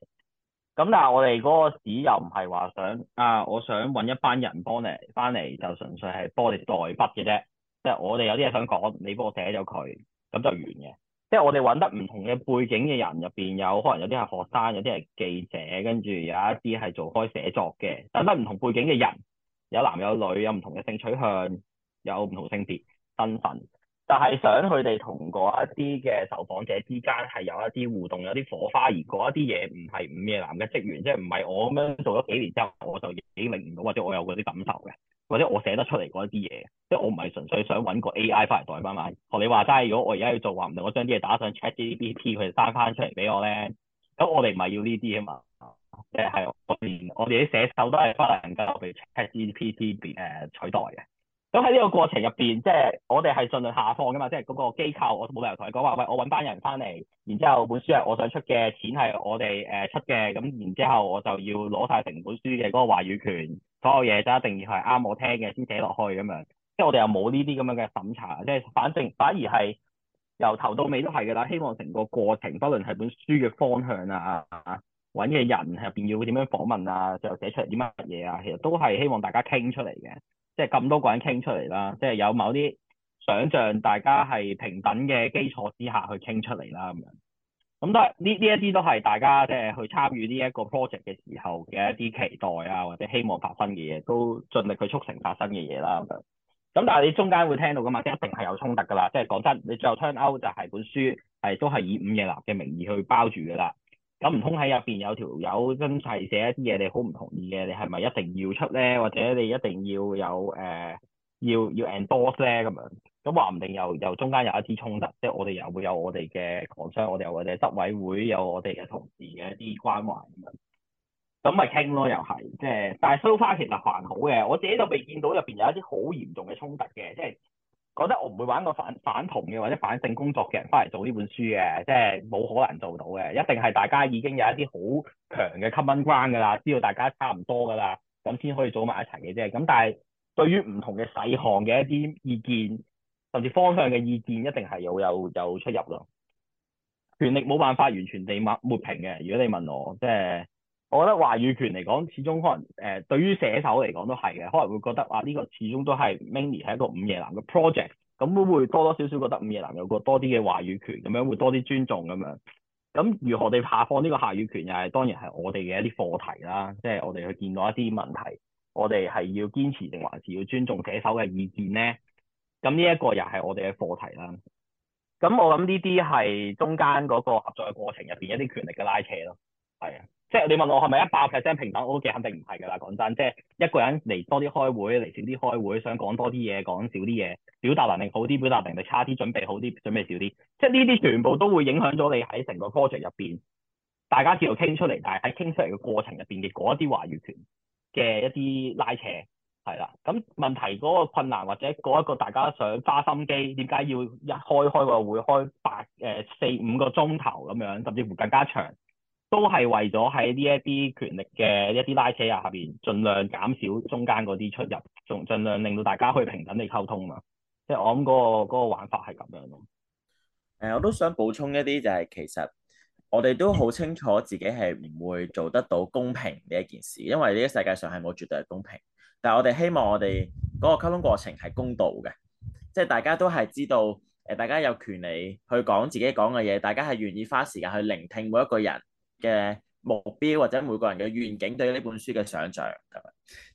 咁，但係我哋嗰個史又唔係話想啊，我想揾一班人幫你，翻嚟，就純粹係幫你代筆嘅啫。即係我哋有啲嘢想講，你幫我寫咗佢，咁就完嘅。即係我哋揾得唔同嘅背景嘅人入邊，有可能有啲係學生，有啲係記者，跟住有一啲係做開寫作嘅，揾得唔同背景嘅人，有男有女，有唔同嘅性取向，有唔同性別身份。但係想佢哋同嗰一啲嘅受訪者之間係有一啲互動，有啲火花。而嗰一啲嘢唔係午夜男嘅職員，即係唔係我咁樣做咗幾年之後，我就已經歷唔到，或者我有嗰啲感受嘅。或者我寫得出嚟嗰啲嘢，即係我唔係純粹想揾個 AI 翻嚟代翻碼。學你話齋，如果我而家要做話，唔定我將啲嘢打上 ChatGPT，佢哋翻翻出嚟俾我咧。咁我哋唔係要呢啲啊嘛，即係我連我哋啲寫手都係不能夠俾 ChatGPT 誒取代嘅。咁喺呢個過程入邊，即係我哋係盡量下放㗎嘛，即係嗰個機構，我冇理由同你講話，喂，我揾班人翻嚟，然之後本書係我想出嘅，錢係我哋誒出嘅，咁然之後我就要攞晒成本書嘅嗰個話語權。所有嘢就一定要係啱我聽嘅先寫落去咁樣，即係我哋又冇呢啲咁樣嘅審查，即係反正反而係由頭到尾都係嘅啦。希望成個過程，不論係本書嘅方向啊，揾嘅人入邊要點樣訪問啊，就寫出嚟啲乜嘢啊，其實都係希望大家傾出嚟嘅，即係咁多個人傾出嚟啦，即係有某啲想像，大家係平等嘅基礎之下去傾出嚟啦咁樣。咁都係呢呢一啲都係大家即係去參與呢一個 project 嘅時候嘅一啲期待啊，或者希望發生嘅嘢，都盡力去促成發生嘅嘢啦咁樣。咁但係你中間會聽到噶嘛，即一定係有衝突噶啦。即係講真，你最後 turn out 就係本書係都係以午夜藍嘅名義去包住噶啦。咁唔通喺入邊有條友真係寫一啲嘢你好唔同意嘅，你係咪一定要出咧？或者你一定要有誒、呃、要要 endorse 咧咁樣？咁話唔定又又中間有一啲衝突，即係我哋又會有我哋嘅行商，我哋又或者執委會有我哋嘅同事嘅一啲關懷咁咪傾咯又係，即係但係 show 花其實還好嘅，我自己都未見到入邊有一啲好嚴重嘅衝突嘅，即係覺得我唔會玩個反反同嘅或者反性工作嘅人翻嚟做呢本書嘅，即係冇可能做到嘅，一定係大家已經有一啲好強嘅 common ground 㗎啦，知道大家差唔多㗎啦，咁先可以組埋一層嘅啫。咁但係對於唔同嘅細項嘅一啲意見，甚至方向嘅意見一定係有有有出入咯，權力冇辦法完全地抹抹平嘅。如果你問我，即係我覺得話語權嚟講，始終可能誒對於寫手嚟講都係嘅，可能會覺得啊呢個始終都係 mini 係一個午夜男嘅 project，咁會唔會多多少少覺得午夜男有個多啲嘅話語權，咁樣會多啲尊重咁樣。咁如何地下放呢個話語權，又係當然係我哋嘅一啲課題啦。即係我哋去見到一啲問題，我哋係要堅持定還是要尊重寫手嘅意見呢？咁呢一個又係我哋嘅課題啦。咁我諗呢啲係中間嗰個合作嘅過程入邊一啲權力嘅拉扯咯。係啊，即係你問我係咪一百 percent 平等，我都肯定唔係㗎啦。講真，即係一個人嚟多啲開會，嚟少啲開會，想講多啲嘢，講少啲嘢，表達能力好啲，表達能力差啲，準備好啲，準備少啲，即係呢啲全部都會影響咗你喺成個 project 入邊，大家之後傾出嚟，但係喺傾出嚟嘅過程入邊嘅嗰啲話語權嘅一啲拉扯。係啦，咁問題嗰個困難或者嗰一個大家想花心機，點解要一開開個會開八誒四五個鐘頭咁樣，甚至乎更加長，都係為咗喺呢一啲權力嘅一啲拉扯下下邊，盡量減少中間嗰啲出入，仲盡量令到大家可以平等地溝通嘛。即係我諗嗰、嗰個嗰個玩法係咁樣咯。誒，我都想補充一啲、就係，就係其實我哋都好清楚自己係唔會做得到公平呢一件事，因為呢個世界上係冇絕對係公平，但係我哋希望我哋嗰個溝通過程係公道嘅，即係大家都係知道誒，大家有權利去講自己講嘅嘢，大家係願意花時間去聆聽每一個人嘅目標或者每個人嘅願景對呢本書嘅想象。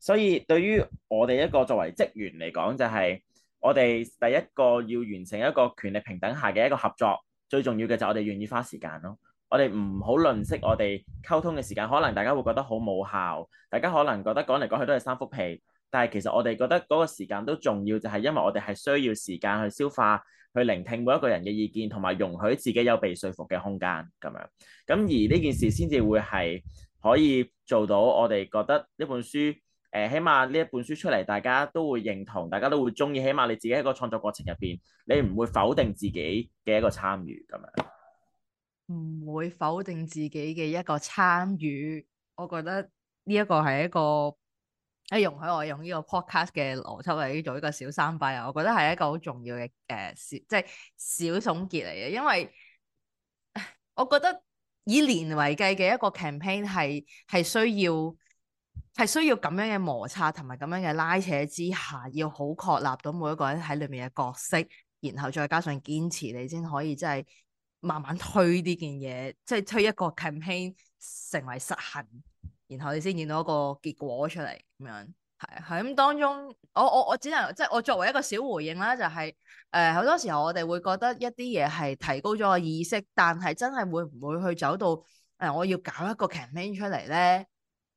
所以對於我哋一個作為職員嚟講，就係我哋第一個要完成一個權力平等下嘅一個合作，最重要嘅就係我哋願意花時間咯。我哋唔好吝嗇我哋溝通嘅時間，可能大家會覺得好冇效，大家可能覺得講嚟講去都係三幅皮，但係其實我哋覺得嗰個時間都重要，就係因為我哋係需要時間去消化、去聆聽每一個人嘅意見，同埋容許自己有被說服嘅空間咁樣。咁而呢件事先至會係可以做到，我哋覺得呢本書，誒、呃、起碼呢一本書出嚟，大家都會認同，大家都會中意，起碼你自己喺個創作過程入邊，你唔會否定自己嘅一個參與咁樣。唔會否定自己嘅一個參與，我覺得呢一個係一個，喺容許我用呢個 podcast 嘅邏輯嚟做一個小三拜啊！我覺得係一個好重要嘅，誒、呃，即係小總結嚟嘅，因為我覺得以年為計嘅一個 campaign 係係需要係需要咁樣嘅摩擦同埋咁樣嘅拉扯之下，要好確立到每一個人喺裏面嘅角色，然後再加上堅持，你先可以即係。慢慢推呢件嘢，即係推一個 campaign 成為失衡，然後你先見到一個結果出嚟咁樣，係係咁當中，我我我只能即係我作為一個小回應啦，就係誒好多時候我哋會覺得一啲嘢係提高咗個意識，但係真係會唔會去走到誒、呃、我要搞一個 campaign 出嚟咧？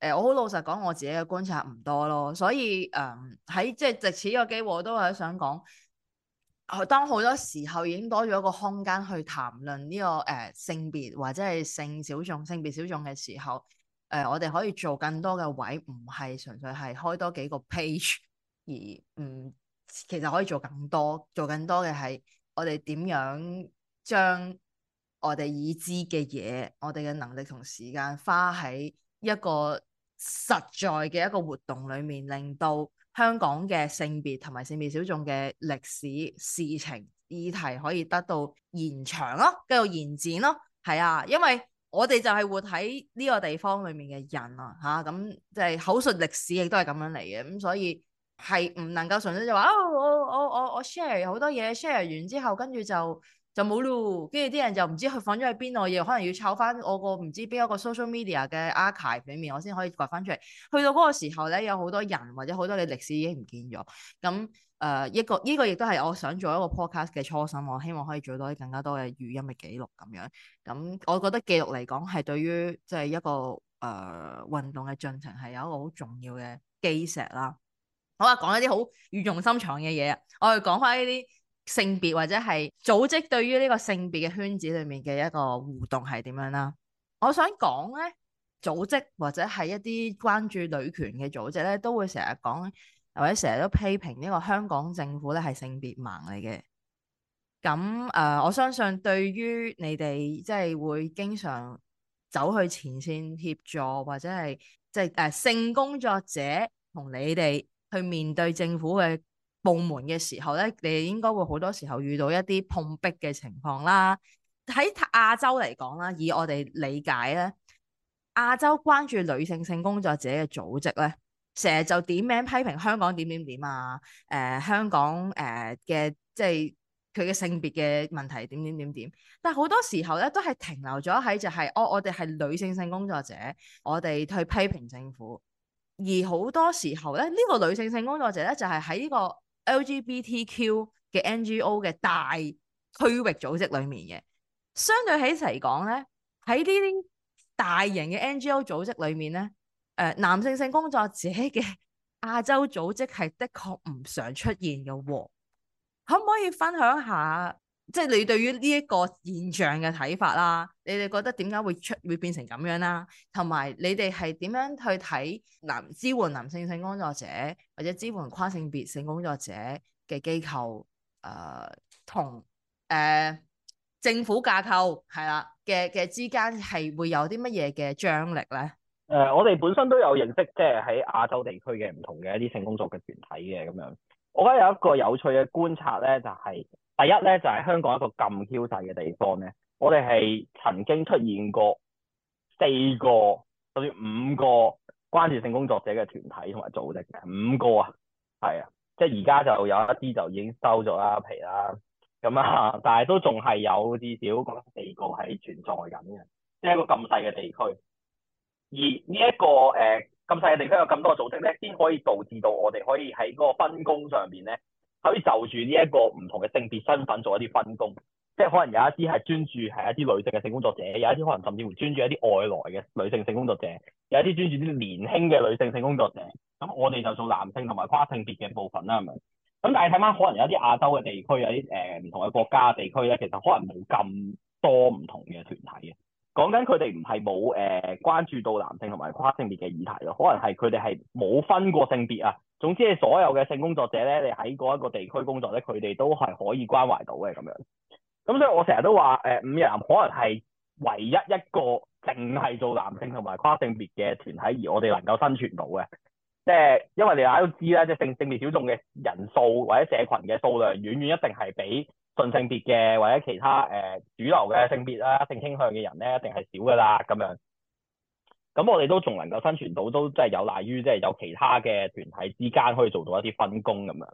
誒、呃、我好老實講，我自己嘅觀察唔多咯，所以誒喺、呃、即係藉此個機會，我都係想講。當好多時候已經多咗一個空間去談論呢個誒、呃、性別或者係性小眾性別小眾嘅時候，誒、呃、我哋可以做更多嘅位，唔係純粹係開多幾個 page，而唔其實可以做更多，做更多嘅係我哋點樣將我哋已知嘅嘢、我哋嘅能力同時間花喺一個實在嘅一個活動裏面，令到。香港嘅性別同埋性別小眾嘅歷史、事情、議題可以得到延長咯，繼續延展咯，係啊，因為我哋就係活喺呢個地方裏面嘅人啊。嚇，咁就係口述歷史亦都係咁樣嚟嘅，咁所以係唔能夠純粹就話，哦、啊，我我我我 share 好多嘢，share 完之後跟住就。就冇咯，跟住啲人就唔知佢放咗去邊度，又可能要抄翻我個唔知邊一個 social media 嘅 archive 裏面，我先可以掘翻出嚟。去到嗰個時候咧，有好多人或者好多嘅歷史已經唔見咗。咁誒一個呢、呢個亦都係我想做一個 podcast 嘅初心，我希望可以做到啲更加多嘅語音嘅記錄咁樣。咁我覺得記錄嚟講係對於即係、即係、一個誒、呃、運動嘅進程係有一個好重要嘅基石啦。好啦、啊、講一啲好語重心長嘅嘢，我哋講翻呢啲。性別或者係組織對於呢個性別嘅圈子裡面嘅一個互動係點樣啦？我想講咧，組織或者係一啲關注女權嘅組織咧，都會成日講，或者成日都批評呢個香港政府咧係性別盲嚟嘅。咁誒、呃，我相信對於你哋即係會經常走去前線協助，或者係即係誒性工作者同你哋去面對政府嘅部門嘅時候咧，你哋應該會好多時候遇到一啲碰壁嘅情況啦。喺亞洲嚟講啦，以我哋理解咧，亞洲關注女性性工作者嘅組織咧，成日就點名批評香港點點點啊，誒、呃，香港誒嘅、呃、即係佢嘅性別嘅問題點點點點。但係好多時候咧，都係停留咗喺就係、是哦、我我哋係女性性工作者，我哋去批評政府。而好多時候咧，呢、呢個女性性工作者咧，就係喺呢個。LGBTQ 嘅 NGO 嘅大區域組織裏面嘅，相對起嚟講咧，喺呢啲大型嘅 NGO 組織裏面咧，誒、呃、男性性工作者嘅亞洲組織係的確唔常出現嘅喎、哦，可唔可以分享下？即係你對於呢一個現象嘅睇法啦，你哋覺得點解會出會變成咁樣啦？同埋你哋係點樣去睇男支援男性性工作者或者支援跨性別性工作者嘅機構誒同誒政府架構係啦嘅嘅之間係會有啲乜嘢嘅張力咧？誒、呃，我哋本身都有認識即係喺亞洲地區嘅唔同嘅一啲性工作嘅團體嘅咁樣，我覺得有一個有趣嘅觀察咧，就係、是。第一咧就係、是、香港一個咁僥細嘅地方咧，我哋係曾經出現過四個甚至五個關注性工作者嘅團體同埋組織嘅，五個啊，係啊，即係而家就有一啲就已經收咗啦皮啦，咁啊，但係都仲係有至少嗰四個喺存在緊嘅，即係一個咁細嘅地區，而呢、這、一個誒咁細嘅地區有咁多組織咧，先可以導致到我哋可以喺嗰個分工上邊咧。可以就住呢一個唔同嘅性別身份做一啲分工，即係可能有一啲係專注係一啲女性嘅性工作者，有一啲可能甚至乎專注一啲外來嘅女性性工作者，有一啲專注啲年輕嘅女性性工作者。咁我哋就做男性同埋跨性別嘅部分啦，係咪？咁但係睇翻可能有啲亞洲嘅地區，有啲誒唔同嘅國家嘅地區咧，其實可能冇咁多唔同嘅團體嘅。講緊佢哋唔係冇誒關注到男性同埋跨性別嘅議題咯，可能係佢哋係冇分過性別啊。總之你所有嘅性工作者咧，你喺嗰一個地區工作咧，佢哋都係可以關懷到嘅咁樣。咁所以我成日都話誒，午夜藍可能係唯一一個淨係做男性同埋跨性別嘅團體，而我哋能夠生存到嘅。即係因為你大家都知啦，即係性性別小眾嘅人數或者社群嘅數量，遠遠一定係比，順性別嘅或者其他誒、呃、主流嘅性別啦、性傾向嘅人咧，一定係少㗎啦咁樣。咁我哋都仲能夠生存到，都即係有賴於即係有其他嘅團體之間可以做到一啲分工咁樣。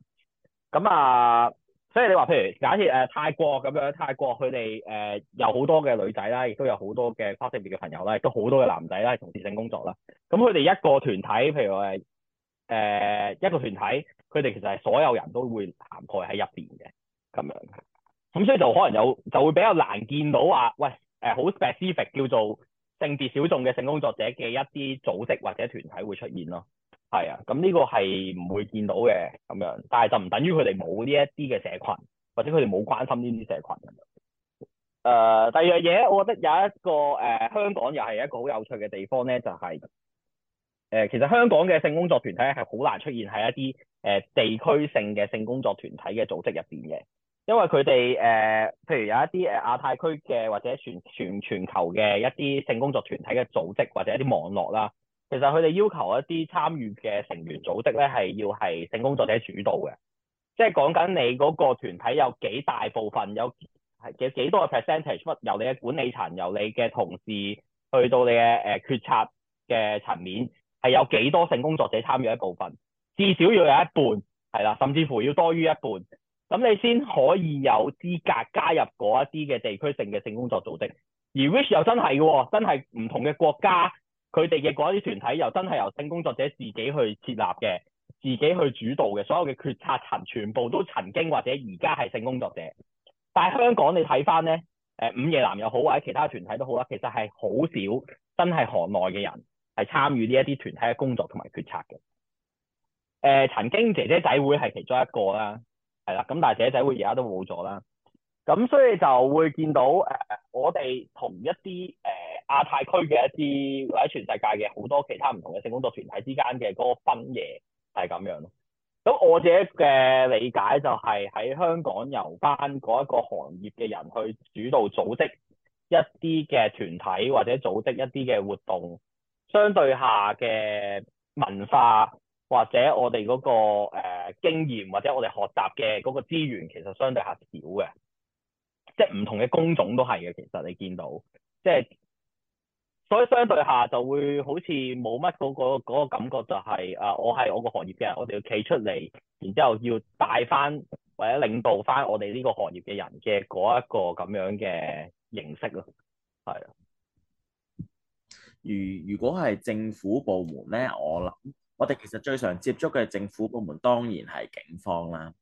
咁啊、呃，所以你話譬如假設誒泰國咁樣，泰國佢哋誒有好多嘅女仔啦，亦都有好多嘅跨性別嘅朋友啦，亦都好多嘅男仔啦，係從事性工作啦。咁佢哋一個團體，譬如誒誒、呃、一個團體，佢哋其實係所有人都會涵蓋喺入邊嘅，咁樣。咁所以就可能有就會比較難見到話，喂，誒好 specific 叫做性別小眾嘅性工作者嘅一啲組織或者團體會出現咯，係啊，咁呢個係唔會見到嘅咁樣，但係就唔等於佢哋冇呢一啲嘅社群，或者佢哋冇關心呢啲社群咁樣。誒、呃，第二樣嘢，我覺得有一個誒、呃、香港又係一個好有趣嘅地方咧，就係、係、誒、呃、其實香港嘅性工作團體係好難出現喺一啲誒、呃、地區性嘅性工作團體嘅組織入邊嘅。因為佢哋誒，譬如有一啲誒亞太區嘅，或者全全全球嘅一啲性工作團體嘅組織，或者一啲網絡啦，其實佢哋要求一啲參與嘅成員組織咧，係要係性工作者主導嘅，即係講緊你嗰個團體有幾大部分有係嘅幾多個 percentage 乜，由你嘅管理層，由你嘅同事去到你嘅誒決策嘅層面，係有幾多性工作者參與一部分，至少要有一半係啦，甚至乎要多於一半。咁你先可以有資格加入嗰一啲嘅地區性嘅性工作組織，而 wish 又真係喎、哦，真係唔同嘅國家佢哋嘅嗰啲團體又真係由性工作者自己去設立嘅，自己去主導嘅，所有嘅決策層全部都曾經或者而家係性工作者。但係香港你睇翻咧，誒午夜男又好或者其他團體都好啦，其實係好少真係行內嘅人係參與呢一啲團體嘅工作同埋決策嘅。誒、呃、曾經姐姐仔會係其中一個啦。係啦，咁但係姐仔會而家都冇咗啦，咁所以就會見到誒、呃，我哋同一啲誒、呃、亞太區嘅一啲，或者全世界嘅好多其他唔同嘅性工作團體之間嘅嗰個分野係咁樣咯。咁我自己嘅理解就係、是、喺香港由翻嗰一個行業嘅人去主導組織一啲嘅團體或者組織一啲嘅活動，相對下嘅文化。或者我哋嗰、那個誒、呃、經驗，或者我哋學習嘅嗰個資源，其實相對下少嘅，即係唔同嘅工種都係嘅。其實你見到，即係所以相對下就會好似冇乜嗰個嗰個感覺、就是，就係啊，我係我個行業嘅人，我哋要企出嚟，然之後要帶翻或者領導翻我哋呢個行業嘅人嘅嗰一個咁樣嘅形式咯，係啊。如如果係政府部門咧，我諗。我哋其實最常接觸嘅政府部門當然係警方啦，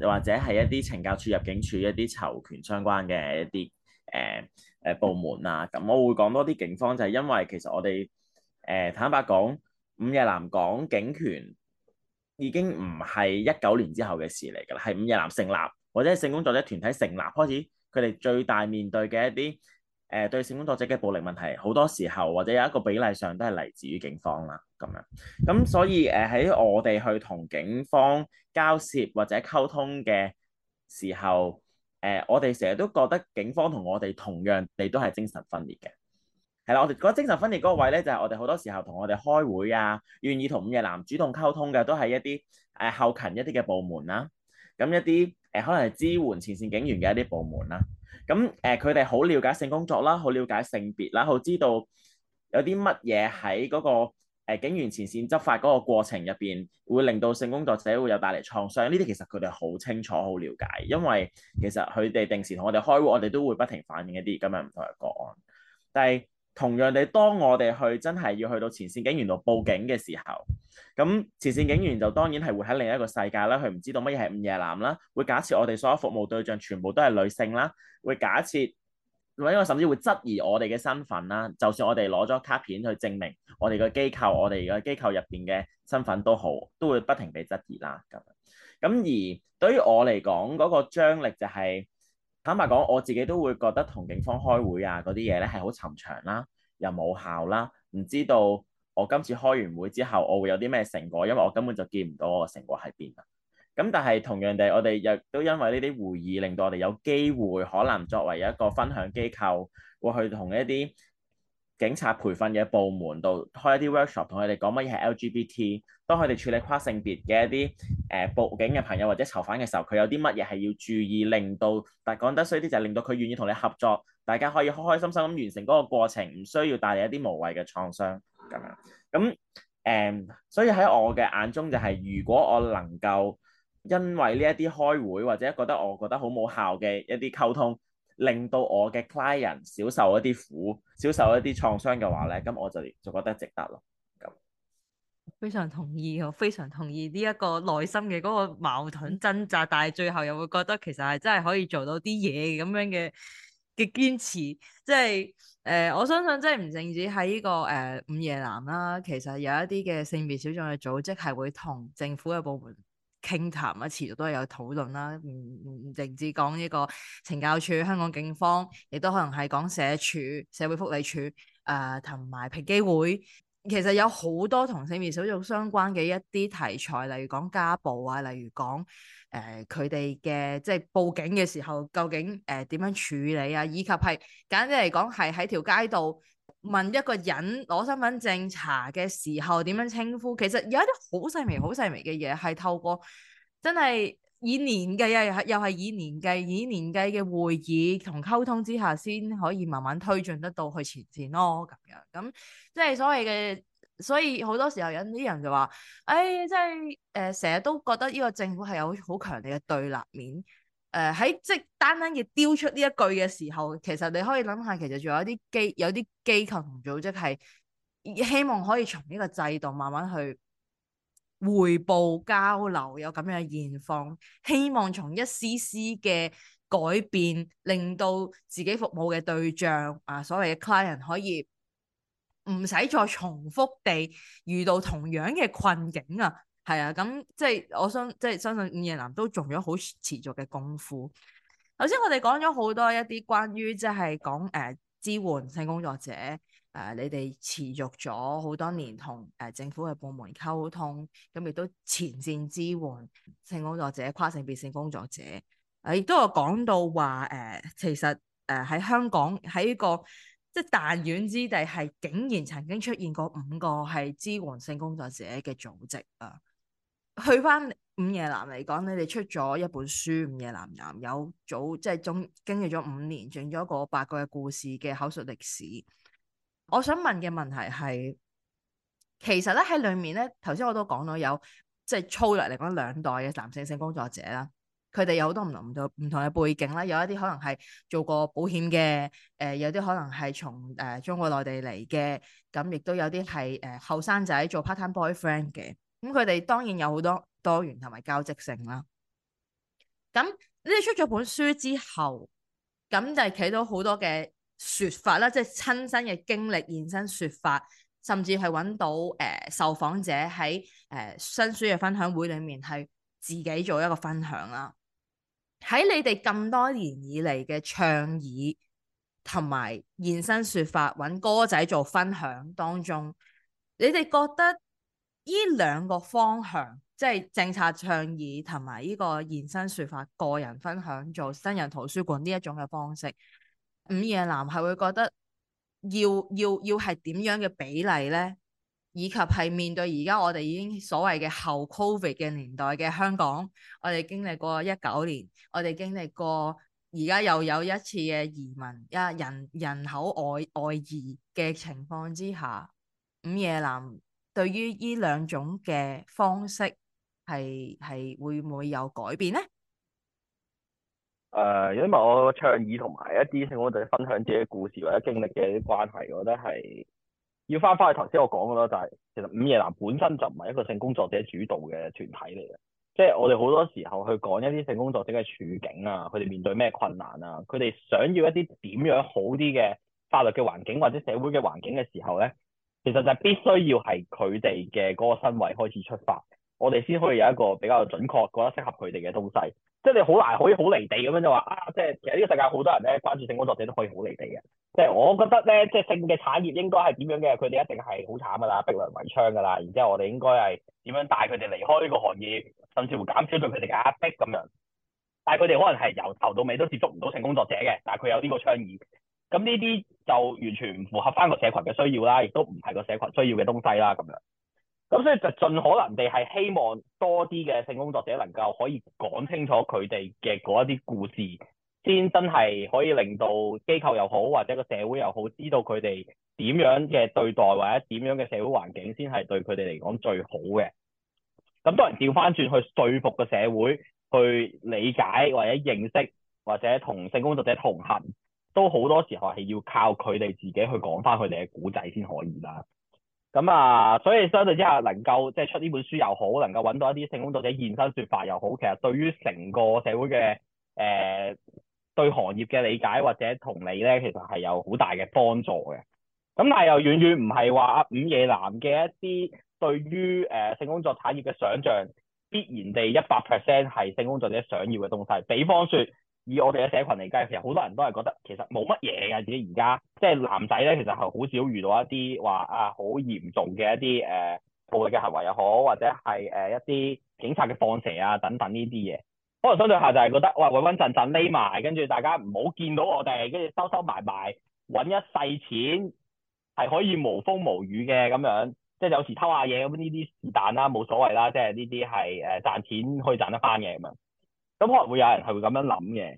又或者係一啲懲教署、入境處一啲囚權相關嘅一啲誒誒部門啊。咁我會講多啲警方，就係因為其實我哋誒、呃、坦白講，午夜藍講警權已經唔係一九年之後嘅事嚟㗎啦，係午夜藍成立或者係性工作者團體成立開始，佢哋最大面對嘅一啲。誒對性工作者嘅暴力問題，好多時候或者有一個比例上都係嚟自於警方啦，咁樣咁所以誒喺我哋去同警方交涉或者溝通嘅時候，誒、呃、我哋成日都覺得警方同我哋同樣地都係精神分裂嘅。係啦，我哋覺得精神分裂嗰個位咧，就係、是、我哋好多時候同我哋開會啊，願意同午夜藍主動溝通嘅都係一啲誒、呃、後勤一啲嘅部門啦、啊，咁一啲誒、呃、可能係支援前線警員嘅一啲部門啦、啊。咁誒，佢哋好了解性工作啦，好了解性別啦，好知道有啲乜嘢喺嗰個誒警員前線執法嗰個過程入邊會令到性工作者會有帶嚟創傷，呢啲其實，佢哋好清楚、好了解，因為其實，佢哋定時同我哋開會，我哋都會不停反映一啲咁樣唔同嘅個案。但係同樣地，當我哋去真係要去到前線警員度報警嘅時候，咁慈善警員就當然係會喺另一個世界啦，佢唔知道乜嘢係午夜男啦，會假設我哋所有服務對象全部都係女性啦，會假設或者甚至會質疑我哋嘅身份啦。就算我哋攞咗卡片去證明我哋個機構，我哋個機構入邊嘅身份都好，都會不停被質疑啦。咁咁而對於我嚟講，嗰、那個張力就係、是、坦白講，我自己都會覺得同警方開會啊嗰啲嘢咧係好冗長啦，又冇效啦，唔知道。我今次開完會之後，我會有啲咩成果？因為我根本就見唔到我個成果喺邊㗎。咁但係同樣地，我哋亦都因為呢啲會議，令到我哋有機會可能作為一個分享機構，會去同一啲警察培訓嘅部門度開一啲 workshop，同佢哋講乜嘢係 LGBT。當佢哋處理跨性別嘅一啲誒報警嘅朋友或者囚犯嘅時候，佢有啲乜嘢係要注意，令到但係講得衰啲就係令到佢願意同你合作，大家可以開開心心咁完成嗰個過程，唔需要帶嚟一啲無謂嘅創傷。咁樣咁誒、嗯，所以喺我嘅眼中就係、是，如果我能夠因為呢一啲開會或者覺得我覺得好冇效嘅一啲溝通，令到我嘅 client 少受一啲苦、少受一啲創傷嘅話咧，咁我就就覺得值得咯。咁非常同意，我非常同意呢一個內心嘅嗰個矛盾掙扎，但係最後又會覺得其實係真係可以做到啲嘢咁樣嘅。嘅堅持，即係誒、呃，我相信即係唔淨止喺呢、這個誒午夜男啦，其實有一啲嘅性別小眾嘅組織係會同政府嘅部門傾談啊，持續都係有討論啦，唔唔淨止講呢個懲教署、香港警方，亦都可能係講社署、社會福利署啊，同、呃、埋平機會。其實有好多同性別少數相關嘅一啲題材，例如講家暴啊，例如講誒佢哋嘅即係報警嘅時候究竟誒點、呃、樣處理啊，以及係簡單啲嚟講係喺條街度問一個人攞身份證查嘅時候點樣稱呼，其實有一啲好細微好細微嘅嘢係透過真係，以年計啊，又係以年計，以年計嘅會議同溝通之下，先可以慢慢推進得到去前線咯。咁樣咁即係所謂嘅，所以好多時候有啲人就話：誒、哎，即係誒，成、呃、日都覺得呢個政府係有好強烈嘅對立面。誒、呃，喺即係單單嘅丟出呢一句嘅時候，其實你可以諗下，其實仲有啲機，有啲機構同組織係希望可以從呢個制度慢慢去。匯報交流有咁樣嘅現況，希望從一絲絲嘅改變，令到自己服務嘅對象啊，所謂嘅 client 可以唔使再重複地遇到同樣嘅困境。啊係啊，咁即係我相即係相信午夜藍都做咗好持續嘅功夫。頭先我哋講咗好多一啲關於即係講誒支援性工作者。誒、呃，你哋持續咗好多年同誒、呃、政府嘅部門溝通，咁亦都前線支援性工作者、跨性別性工作者，亦、啊、都有講到話誒、呃，其實誒喺、呃、香港喺個即係彈丸之地，係竟然曾經出現過五個係支援性工作者嘅組織啊。去返午夜男嚟講，你哋出咗一本書《午夜男喃》，有早即係中經歷咗五年，講咗一個八個嘅故事嘅口述歷史。我想問嘅問題係，其實咧喺裏面咧，頭先我都講到有即係、就是、粗略嚟講兩代嘅男性性工作者啦，佢哋有好多唔同唔同唔同嘅背景啦，有一啲可能係做過保險嘅，誒、呃、有啲可能係從誒中國內地嚟嘅，咁亦都有啲係誒後生仔做 part time boyfriend 嘅，咁佢哋當然有好多多元同埋交織性啦。咁、呃、你出咗本書之後，咁、呃、就睇、是、到好多嘅。說法啦，即係親身嘅經歷，現身說法，甚至係揾到誒、呃、受訪者喺誒新書嘅分享會裏面，係自己做一個分享啦。喺你哋咁多年以嚟嘅倡議同埋現身說法，揾哥仔做分享當中，你哋覺得呢兩個方向，即係政策倡議同埋呢個現身說法個人分享做新人圖書館呢一種嘅方式。午夜男係會覺得要要要係點樣嘅比例咧以及係面對而家我哋已經所謂嘅後 Covid 嘅年代嘅香港，我哋經歷過一九年，我哋經歷過而家又有一次嘅移民啊，人人口外外移嘅情況之下，午夜男對於呢兩種嘅方式係係會唔會有改變咧？誒，因為、uh, 我倡議同埋一啲性工作者分享自己故事或者經歷嘅啲關係，我覺得係要翻返去頭先我講嘅咯，就係其實午夜藍本身就唔係一個性工作者主導嘅團體嚟嘅，即係我哋好多時候去講一啲性工作者嘅處境啊，佢哋面對咩困難啊，佢哋想要一啲點樣好啲嘅法律嘅環境或者社會嘅環境嘅時候咧，其實就必須要係佢哋嘅嗰個身位開始出發。 我哋先可以有一個比較準確，覺得適合佢哋嘅東西。即係你好難可以好離地咁樣就話啊！即係其實呢個世界好多人咧關注性工作者都可以好離地嘅。即係我覺得咧，即係性嘅產業應該係點樣嘅？佢哋一定係好慘噶啦，逼良為娼噶啦。然之後我哋應該係點樣帶佢哋離開呢個行業，甚至乎減少對佢哋嘅壓迫咁樣。但係佢哋可能係由頭到尾都接觸唔到性工作者嘅。但係佢有呢個倡議，咁呢啲就完全唔符合翻個社群嘅需要啦，亦都唔係個社群需要嘅東西啦咁樣。咁所以就盡可能地係希望多啲嘅性工作者能夠可以講清楚佢哋嘅嗰一啲故事，先真係可以令到機構又好，或者個社會又好，知道佢哋點樣嘅對待，或者點樣嘅社會環境先係對佢哋嚟講最好嘅。咁當然調翻轉去說服個社會去理解或者認識或者同性工作者同行，都好多時候係要靠佢哋自己去講翻佢哋嘅古仔先可以啦。咁啊、嗯，所以相對之下，能夠即係出呢本書又好，能夠揾到一啲性工作者現身說法又好，其實對於成個社會嘅誒、呃、對行業嘅理解或者同理咧，其實係有好大嘅幫助嘅。咁但係又遠遠唔係話午夜男嘅一啲對於誒性工作產業嘅想像，必然地一百 percent 係性工作者想要嘅東西。比方說，以我哋嘅社群嚟計，其實好多人都係覺得其實冇乜嘢嘅。自己而家即係男仔咧，其實係好少遇到一啲話啊好嚴重嘅一啲誒、呃、暴力嘅行為又好，或者係誒一啲警察嘅放蛇啊等等呢啲嘢。可能相對下就係覺得哇，穩穩陣陣匿埋，跟、呃、住大家唔好見到我哋，跟住收收埋埋揾一世錢，係可以無風無雨嘅咁樣。即係有時偷下嘢咁呢啲是但啦，冇所謂啦。即係呢啲係誒賺錢可以賺得翻嘅咁樣。咁可能會有人係會咁樣諗嘅，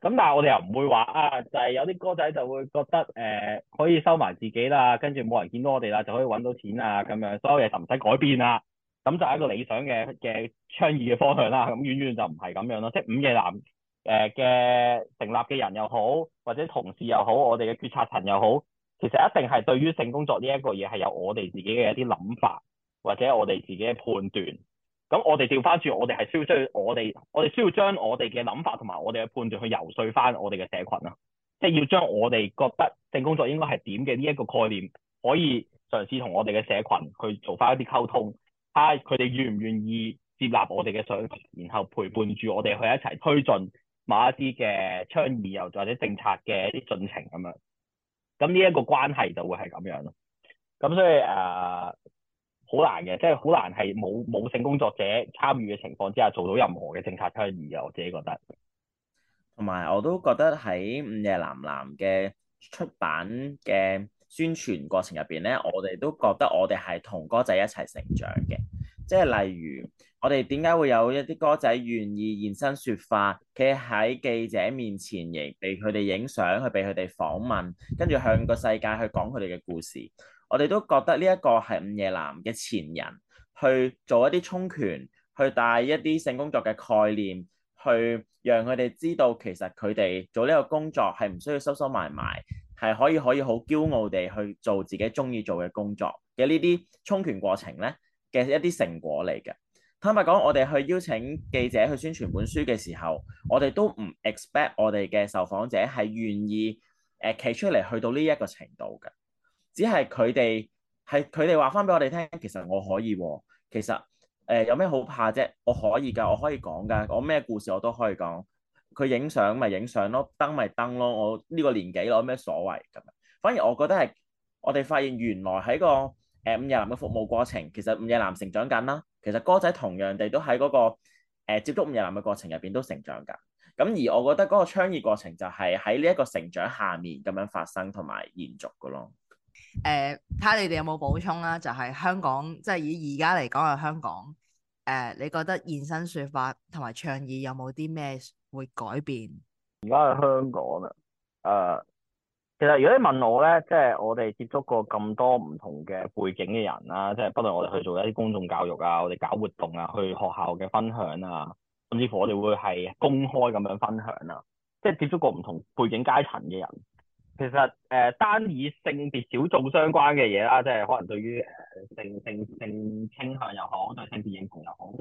咁但係我哋又唔會話啊，就係、是、有啲哥仔就會覺得誒、呃、可以收埋自己啦，跟住冇人見到我哋啦，就可以揾到錢啊咁樣，所有嘢就唔使改變啦。咁就係一個理想嘅嘅倡議嘅方向啦。咁遠遠就唔係咁樣咯。即係午夜男誒嘅、呃、成立嘅人又好，或者同事又好，我哋嘅決策層又好，其實一定係對於性工作呢一個嘢係有我哋自己嘅一啲諗法，或者我哋自己嘅判斷。咁我哋調翻轉，我哋係需，需要將我哋，我哋需要將我哋嘅諗法同埋我哋嘅判斷去游説翻我哋嘅社群啊，即係要將我哋覺得性工作應該係點嘅呢一個概念，可以嘗試同我哋嘅社群去做翻一啲溝通，睇佢哋願唔願意接納我哋嘅想，然後陪伴住我哋去一齊推進某一啲嘅倡議，又或者政策嘅一啲進程，咁樣。咁呢一個關係就會係咁樣咯。咁所以誒。Uh, 好難嘅，即係好難係冇冇性工作者參與嘅情況之下做到任何嘅政策倡議嘅，我自己覺得。同埋我都覺得喺《午夜男喃》嘅出版嘅宣傳過程入邊咧，我哋都覺得我哋係同哥仔一齊成長嘅。即係例如，我哋點解會有一啲哥仔願意現身說法，企喺記者面前，亦被佢哋影相，去被佢哋訪問，跟住向個世界去講佢哋嘅故事。我哋都覺得呢一個係午夜男嘅前人，去做一啲充權，去帶一啲性工作嘅概念，去讓佢哋知道其實佢哋做呢個工作係唔需要收收埋埋，係可以可以好驕傲地去做自己中意做嘅工作嘅呢啲充權過程咧嘅一啲成果嚟嘅。坦白講，我哋去邀請記者去宣傳本書嘅時候，我哋都唔 expect 我哋嘅受訪者係願意誒企，呃，出嚟去到呢一個程度嘅。只係佢哋係佢哋話翻俾我哋聽，其實我可以喎，其實誒、呃、有咩好怕啫？我可以㗎，我可以講㗎，我咩故事我都可以講。佢影相咪影相咯，燈咪燈咯，我呢個年紀攞咩所謂咁？反而我覺得係我哋發現原來喺個誒午夜男嘅服務過程，其實午夜男成長緊啦。其實歌仔同樣地都喺嗰、那個、呃、接觸午夜男嘅過程入邊都成長緊㗎。咁而我覺得嗰個倡議過程就係喺呢一個成長下面咁樣發生同埋延續㗎咯。誒，睇下、uh, 你哋有冇補充啦，就係、是、香港，即、就、係、是、以而家嚟講嘅香港。誒、uh,，你覺得現身說法同埋倡議有冇啲咩會改變？而家係香港啦，誒、uh,，其實如果你問我咧，即、就、係、是、我哋接觸過咁多唔同嘅背景嘅人啦，即、就、係、是、不論我哋去做一啲公眾教育啊，我哋搞活動啊，去學校嘅分享啊，甚至乎我哋會係公開咁樣分享啦、啊，即、就、係、是、接觸過唔同背景階層嘅人。其實誒、呃、單以性別小眾相關嘅嘢啦，即係可能對於誒、呃、性性性傾向又好，對性別認同又好，誒、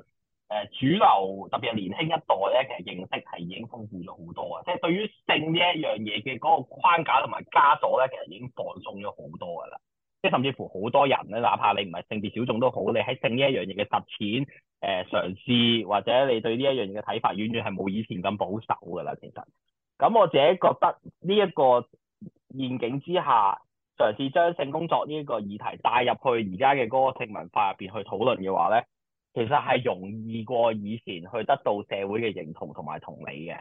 呃、主流特別係年輕一代咧，其實認識係已經豐富咗好多啊！即係對於性呢一樣嘢嘅嗰個框架同埋枷鎖咧，其實已經放鬆咗好多㗎啦。即係甚至乎好多人咧，哪怕你唔係性別小眾都好，你喺性呢一樣嘢嘅實踐誒嘗試，或者你對呢一樣嘢嘅睇法，遠遠係冇以前咁保守㗎啦。其實，咁我自己覺得呢、這、一個。現境之下，嘗試將性工作呢一個議題帶入去而家嘅嗰個性文化入邊去討論嘅話咧，其實係容易過以前去得到社會嘅認同同埋同理嘅。誒、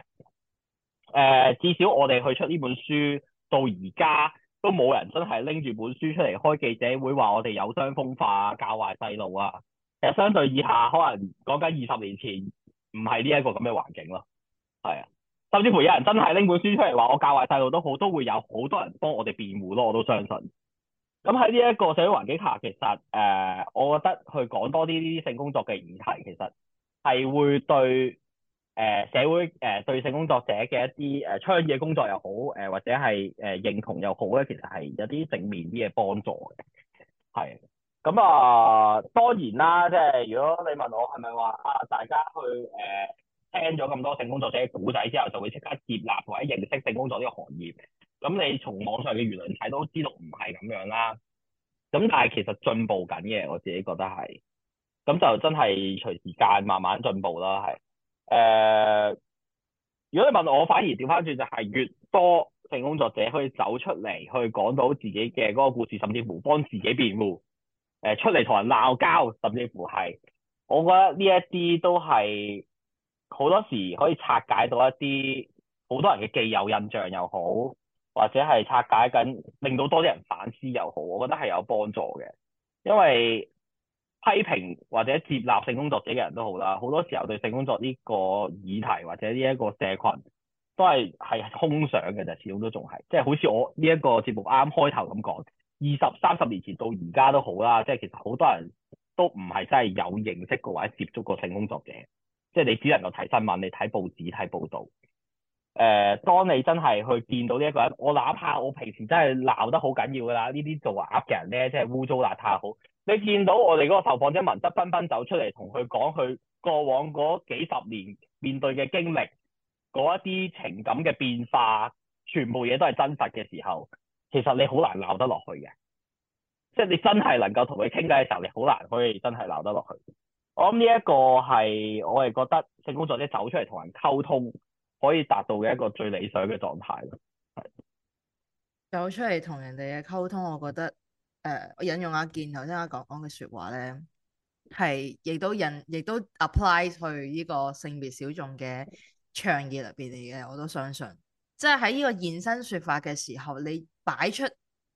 呃，至少我哋去出呢本書到而家，都冇人真係拎住本書出嚟開記者會話我哋有傷風化、教壞細路啊。其實相對以下，可能講緊二十年前，唔係呢一個咁嘅環境咯。係啊。甚至乎有人真係拎本書出嚟話我教壞細路都好，都會有好多人幫我哋辯護咯，我都相信。咁喺呢一個社會環境下，其實誒、呃，我覺得去講多啲呢啲性工作嘅議題，其實係會對誒、呃、社會誒、呃、對性工作者嘅一啲誒倡議嘅工作又好，誒、呃、或者係誒、呃、認同又好咧，其實係有啲正面啲嘅幫助嘅。係。咁、嗯、啊、呃，當然啦，即係如果你問我係咪話啊，大家去誒、呃聽咗咁多性工作者嘅故仔之後，就會即刻接納或者認識性工作呢個行業。咁你從網上嘅輿論睇都知道唔係咁樣啦。咁但係其實進步緊嘅，我自己覺得係。咁就真係隨時間慢慢進步啦。係。誒、呃，如果你問我，反而調翻轉就係越多性工作者可以走出嚟去講到自己嘅嗰個故事，甚至乎幫自己辯護。誒，出嚟同人鬧交，甚至乎係，我覺得呢一啲都係。好多時可以拆解到一啲好多人嘅既有印象又好，或者係拆解緊，令到多啲人反思又好，我覺得係有幫助嘅。因為批評或者接納性工作者嘅人都好啦，好多時候對性工作呢個議題或者呢一個社群都係係空想嘅就始終都仲係，即係好似我呢一個節目啱開頭咁講，二十三十年前到而家都好啦，即係其實好多人都唔係真係有認識過或者接觸過性工作者。即係你只能夠睇新聞，你睇報紙睇報道。誒、呃，當你真係去見到呢一個人，我哪怕我平時真係鬧得好緊要㗎啦，呢啲做鴨嘅人咧，即係污糟邋遢好。你見到我哋嗰個受訪者文質彬彬走出嚟同佢講佢過往嗰幾十年面對嘅經歷，嗰一啲情感嘅變化，全部嘢都係真實嘅時候，其實你好難鬧得落去嘅。即係你真係能夠同佢傾偈嘅時候，你好難可以真係鬧得落去。我諗呢一個係我係覺得性工作者走出嚟同人溝通可以達到嘅一個最理想嘅狀態咯。走出嚟同人哋嘅溝通，我覺得誒、呃，我引用阿健頭先阿講講嘅說話咧，係亦都引亦都 apply 去呢個性別小眾嘅倡議入邊嚟嘅，我都相信。即係喺呢個現身說法嘅時候，你擺出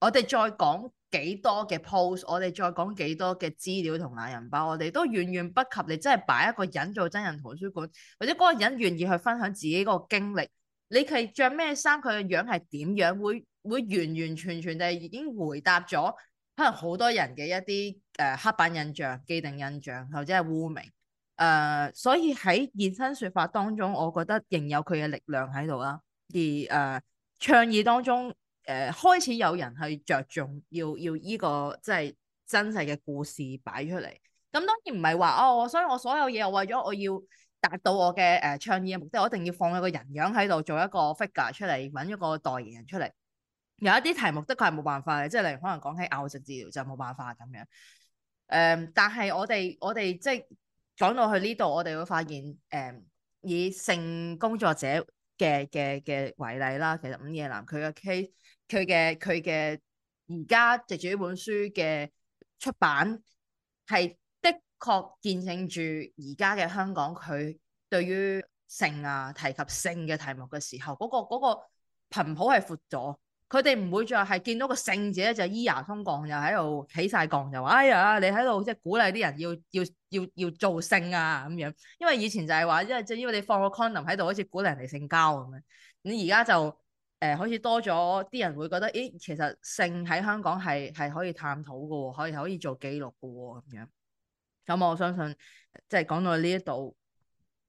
我哋再講。幾多嘅 post，我哋再講幾多嘅資料同懶人包，我哋都遠遠不及你真係擺一個人做真人圖書館，或者嗰個人願意去分享自己嗰個經歷。你係着咩衫，佢嘅樣係點樣，會會完完全全地已經回答咗可能好多人嘅一啲誒刻板印象、既定印象或者係污名。誒、呃，所以喺現身說法當中，我覺得仍有佢嘅力量喺度啦。而誒倡議當中。誒開始有人去着重要要依、這個即係真，真實嘅故事擺出嚟，咁當然唔係話哦，所以我所有嘢又為咗我要達到我嘅誒倡議嘅目的，我一定要放一個人樣喺度做一個 figure 出嚟，揾一個代言人出嚟。有一啲題目的確係冇辦法嘅，即係例如可能講起拗直治療就冇辦法咁樣。誒、呃，但係我哋我哋即係講到去呢度，我哋會發現誒、呃，以性工作者嘅嘅嘅為例啦，其實午夜男佢嘅 case。佢嘅佢嘅而家藉住呢本書嘅出版，係的確見證住而家嘅香港，佢對於性啊提及性嘅題目嘅時候，嗰個嗰個頻譜係闊咗。佢哋唔會再係見到個性字咧，就咿牙鬆槓，又喺度起晒槓，就話哎呀，你喺度即係鼓勵啲人要要要要做性啊咁樣。因為以前就係話，因為即係因為你放個 condom 喺度，好似鼓勵人哋性交咁樣。你而家就。誒、呃，好似多咗啲人會覺得，咦、欸，其實性喺香港係係可以探討嘅喎、哦，可以可以做記錄嘅喎、哦，咁樣。咁我相信，即係講到呢一度，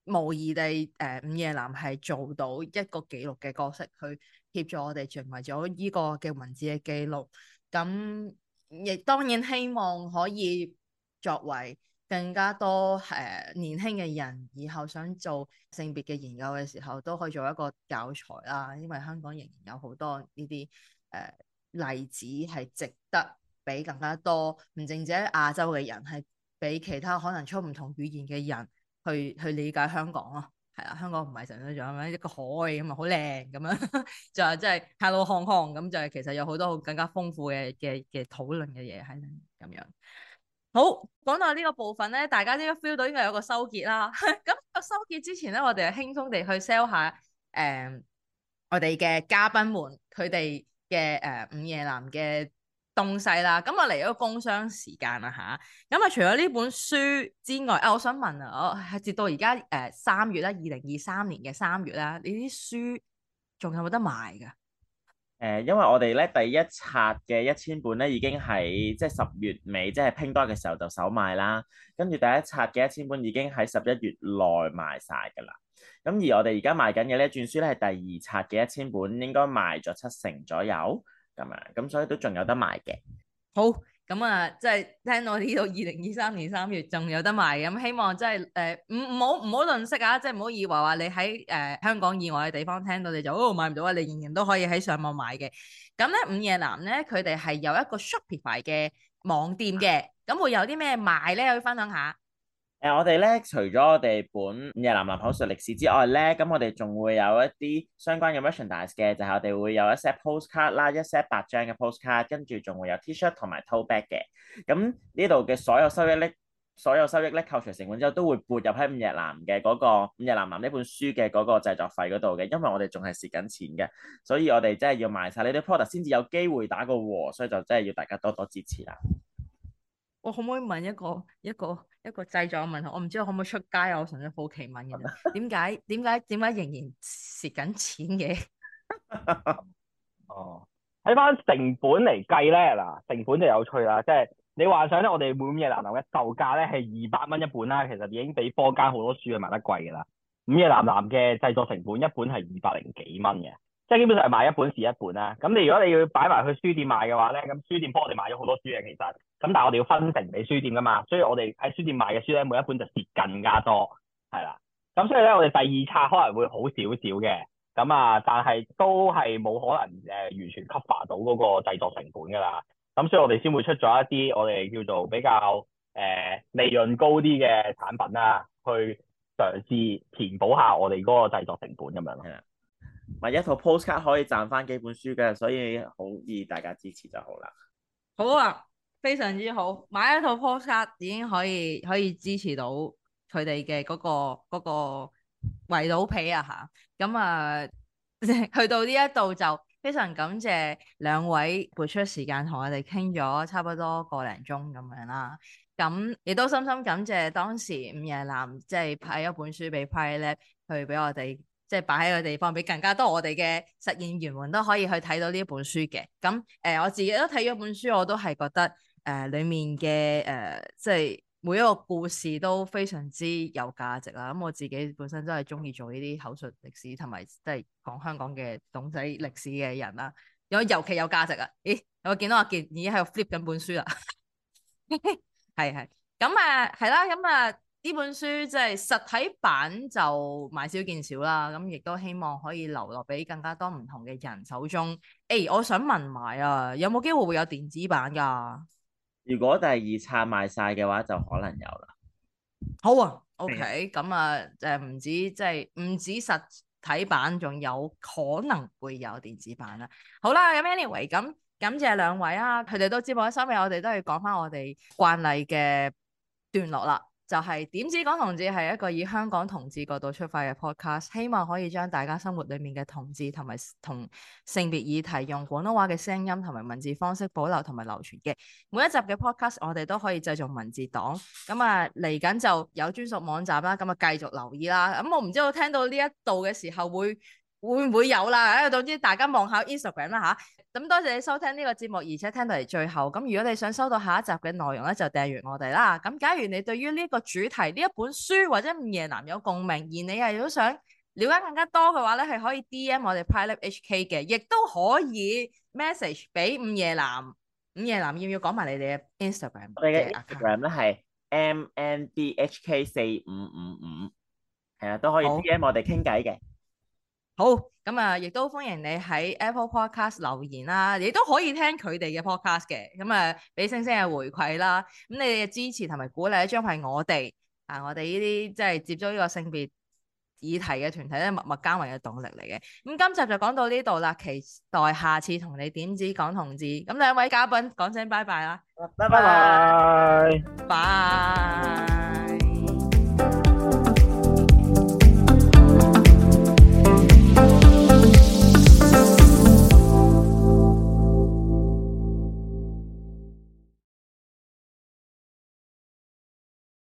無疑地誒，呃、午夜男係做到一個記錄嘅角色，去協助我哋成為咗依個嘅文字嘅記錄。咁亦當然希望可以作為。更加多誒、呃、年輕嘅人以後想做性別嘅研究嘅時候，都可以做一個教材啦。因為香港仍然有好多呢啲誒例子係值得俾更加多唔淨止亞洲嘅人，係俾其他可能出唔同語言嘅人去去理解香港咯。係啊，香港唔係純粹就係一個海咁啊，好靚咁樣， 就係真係睇到香港咁就係其實有好多更加豐富嘅嘅嘅討論嘅嘢喺度咁樣。好，講到呢個部分咧，大家呢個 feel 到應該有個收結啦。咁 個收結之前咧，我哋係輕鬆地去 sell 下誒、呃、我哋嘅嘉賓們佢哋嘅誒午夜男嘅東西啦。咁啊嚟咗個工商時間啦吓，咁啊除咗呢本書之外，啊我想問啊，我直到而家誒三月啦，二零二三年嘅三月啦，你啲書仲有冇得賣噶？誒，因為我哋咧第一冊嘅一千本咧已經喺即係十月尾，即係拼多嘅時候就首賣啦，跟住第一冊嘅一千本已經喺十一月內賣晒噶啦。咁而我哋而家賣緊嘅咧，轉書咧係第二冊嘅一千本，應該賣咗七成左右，咁啊，咁所以都仲有得賣嘅。好。咁、嗯嗯嗯呃、啊，即係聽到呢度二零二三年三月仲有得賣，咁希望即係誒唔唔好唔好吝嗇啊，即係唔好以為話你喺誒、呃、香港以外嘅地方聽到，你就哦買唔到啊，你仍然都可以喺上網買嘅。咁、嗯、咧，午夜藍咧佢哋係有一個 Shopify 嘅網店嘅，咁會有啲咩賣咧？可以分享下。誒、呃，我哋咧除咗我哋本《午夜男喃》口述歷史之外咧，咁、嗯、我哋仲會有一啲相關嘅 merchandise 嘅，就係、是、我哋會有一 set postcard 啦，一 set 八張嘅 postcard，跟住仲會有 T-shirt 同埋 tote bag 嘅。咁呢度嘅所有收益咧，所有收益咧扣除成本之後，都會撥入喺《午夜藍》嘅嗰個《午夜男喃》呢本書嘅嗰個製作費嗰度嘅，因為我哋仲係蝕緊錢嘅，所以我哋真係要賣晒呢啲 product 先至有機會打個和，所以就真係要大家多多支持啦。我可唔可以問一個一個一個製作嘅問題？我唔知道我可唔可以出街啊？我純粹好奇問嘅，點解點解點解仍然蝕緊錢嘅？哦，睇返成本嚟計咧，嗱，成本就有趣啦，即係你幻想咧，我哋午夜男喃嘅售價咧係二百蚊一本啦，其實已經比坊間好多書賣得貴噶啦。午夜男喃嘅製作成本一本係二百零幾蚊嘅，即係基本上係賣一本蝕一本啦。咁你如果你要擺埋去書店賣嘅話咧，咁書店幫我哋賣咗好多書嘅，其實。咁但係我哋要分成俾書店㗎嘛，所以我哋喺書店賣嘅書呢，每一本就蝕更加多，係啦。咁所以呢，我哋第二冊可能會好少少嘅，咁啊，但係都係冇可能誒、呃、完全 cover 到嗰個製作成本㗎啦。咁所以我哋先會出咗一啲我哋叫做比較誒、呃、利潤高啲嘅產品啦、啊，去嘗試填補下我哋嗰個製作成本咁樣咯。啊，咪一套 postcard 可以賺翻幾本書嘅，所以好意大家支持就好啦。好啊。非常之好，買一套 postcard 已經可以可以支持到佢哋嘅嗰個嗰、嗰個、圍到皮啊，吓咁啊，去 到呢一度就非常感謝兩位撥出時間同我哋傾咗差不多個零鐘咁樣啦。咁亦都深深感謝當時午夜男，即係派一本書俾 Pride Lab 去俾我哋，即係擺喺個地方，俾更加多我哋嘅實驗員們都可以去睇到呢本書嘅。咁誒、呃，我自己都睇咗本書，我都係覺得。誒、呃，裏面嘅誒、呃，即係每一個故事都非常之有價值啦。咁、嗯、我自己本身都係中意做呢啲口述歷史，同埋即係講香港嘅哥仔歷史嘅人啦。有尤其有價值啊！咦，我見到阿健已經喺度 flip 緊本書啦，係 係。咁啊，係啦。咁啊，呢、嗯、本書即係實體版就買少見少啦。咁亦都希望可以留落俾更加多唔同嘅人手中。誒，我想問埋啊，有冇機會會有電子版噶？如果第二冊賣晒嘅話，就可能有啦。好啊 ，OK，咁啊，誒，唔止即係唔止實體版，仲有可能會有電子版啦。好啦、啊，咁 anyway，咁感謝兩位啊，佢哋都知我收尾，我哋都要講翻我哋慣例嘅段落啦。就係、是、點知講同志係一個以香港同志角度出發嘅 podcast，希望可以將大家生活裡面嘅同志同埋同性別議題用廣東話嘅聲音同埋文字方式保留同埋流傳嘅。每一集嘅 podcast 我哋都可以製造文字檔，咁啊嚟緊就有專屬網站啦，咁啊繼續留意啦。咁我唔知道我聽到呢一度嘅時候會。會唔會有啦？誒，總之大家望下 Instagram 啦吓。咁多謝你收聽呢個節目，而且聽到嚟最後。咁如果你想收到下一集嘅內容咧，就訂閱我哋啦。咁假如你對於呢個主題、呢一本書或者午夜男有共鳴，而你係都想了解更加多嘅話咧，係可以 D.M 我哋 PrideLab HK 嘅，亦都可以 message 俾午夜男。午夜男要唔要講埋你哋嘅 Instagram？你嘅 Instagram 咧係 m n d h k 四五五五，係啊，都可以 D.M 我哋傾偈嘅。好，咁、嗯、啊，亦都歡迎你喺 Apple Podcast 留言啦，亦都可以聽佢哋嘅 Podcast 嘅，咁、嗯、啊，俾星星嘅回饋啦，咁、嗯、你哋嘅支持同埋鼓勵咧，將係我哋啊，我哋呢啲即係接觸呢個性別議題嘅團體咧，默默耕耘嘅動力嚟嘅。咁、嗯、今集就講到呢度啦，期待下次同你點子講同志。咁、嗯、兩位嘉賓講聲拜拜啦，拜拜，拜。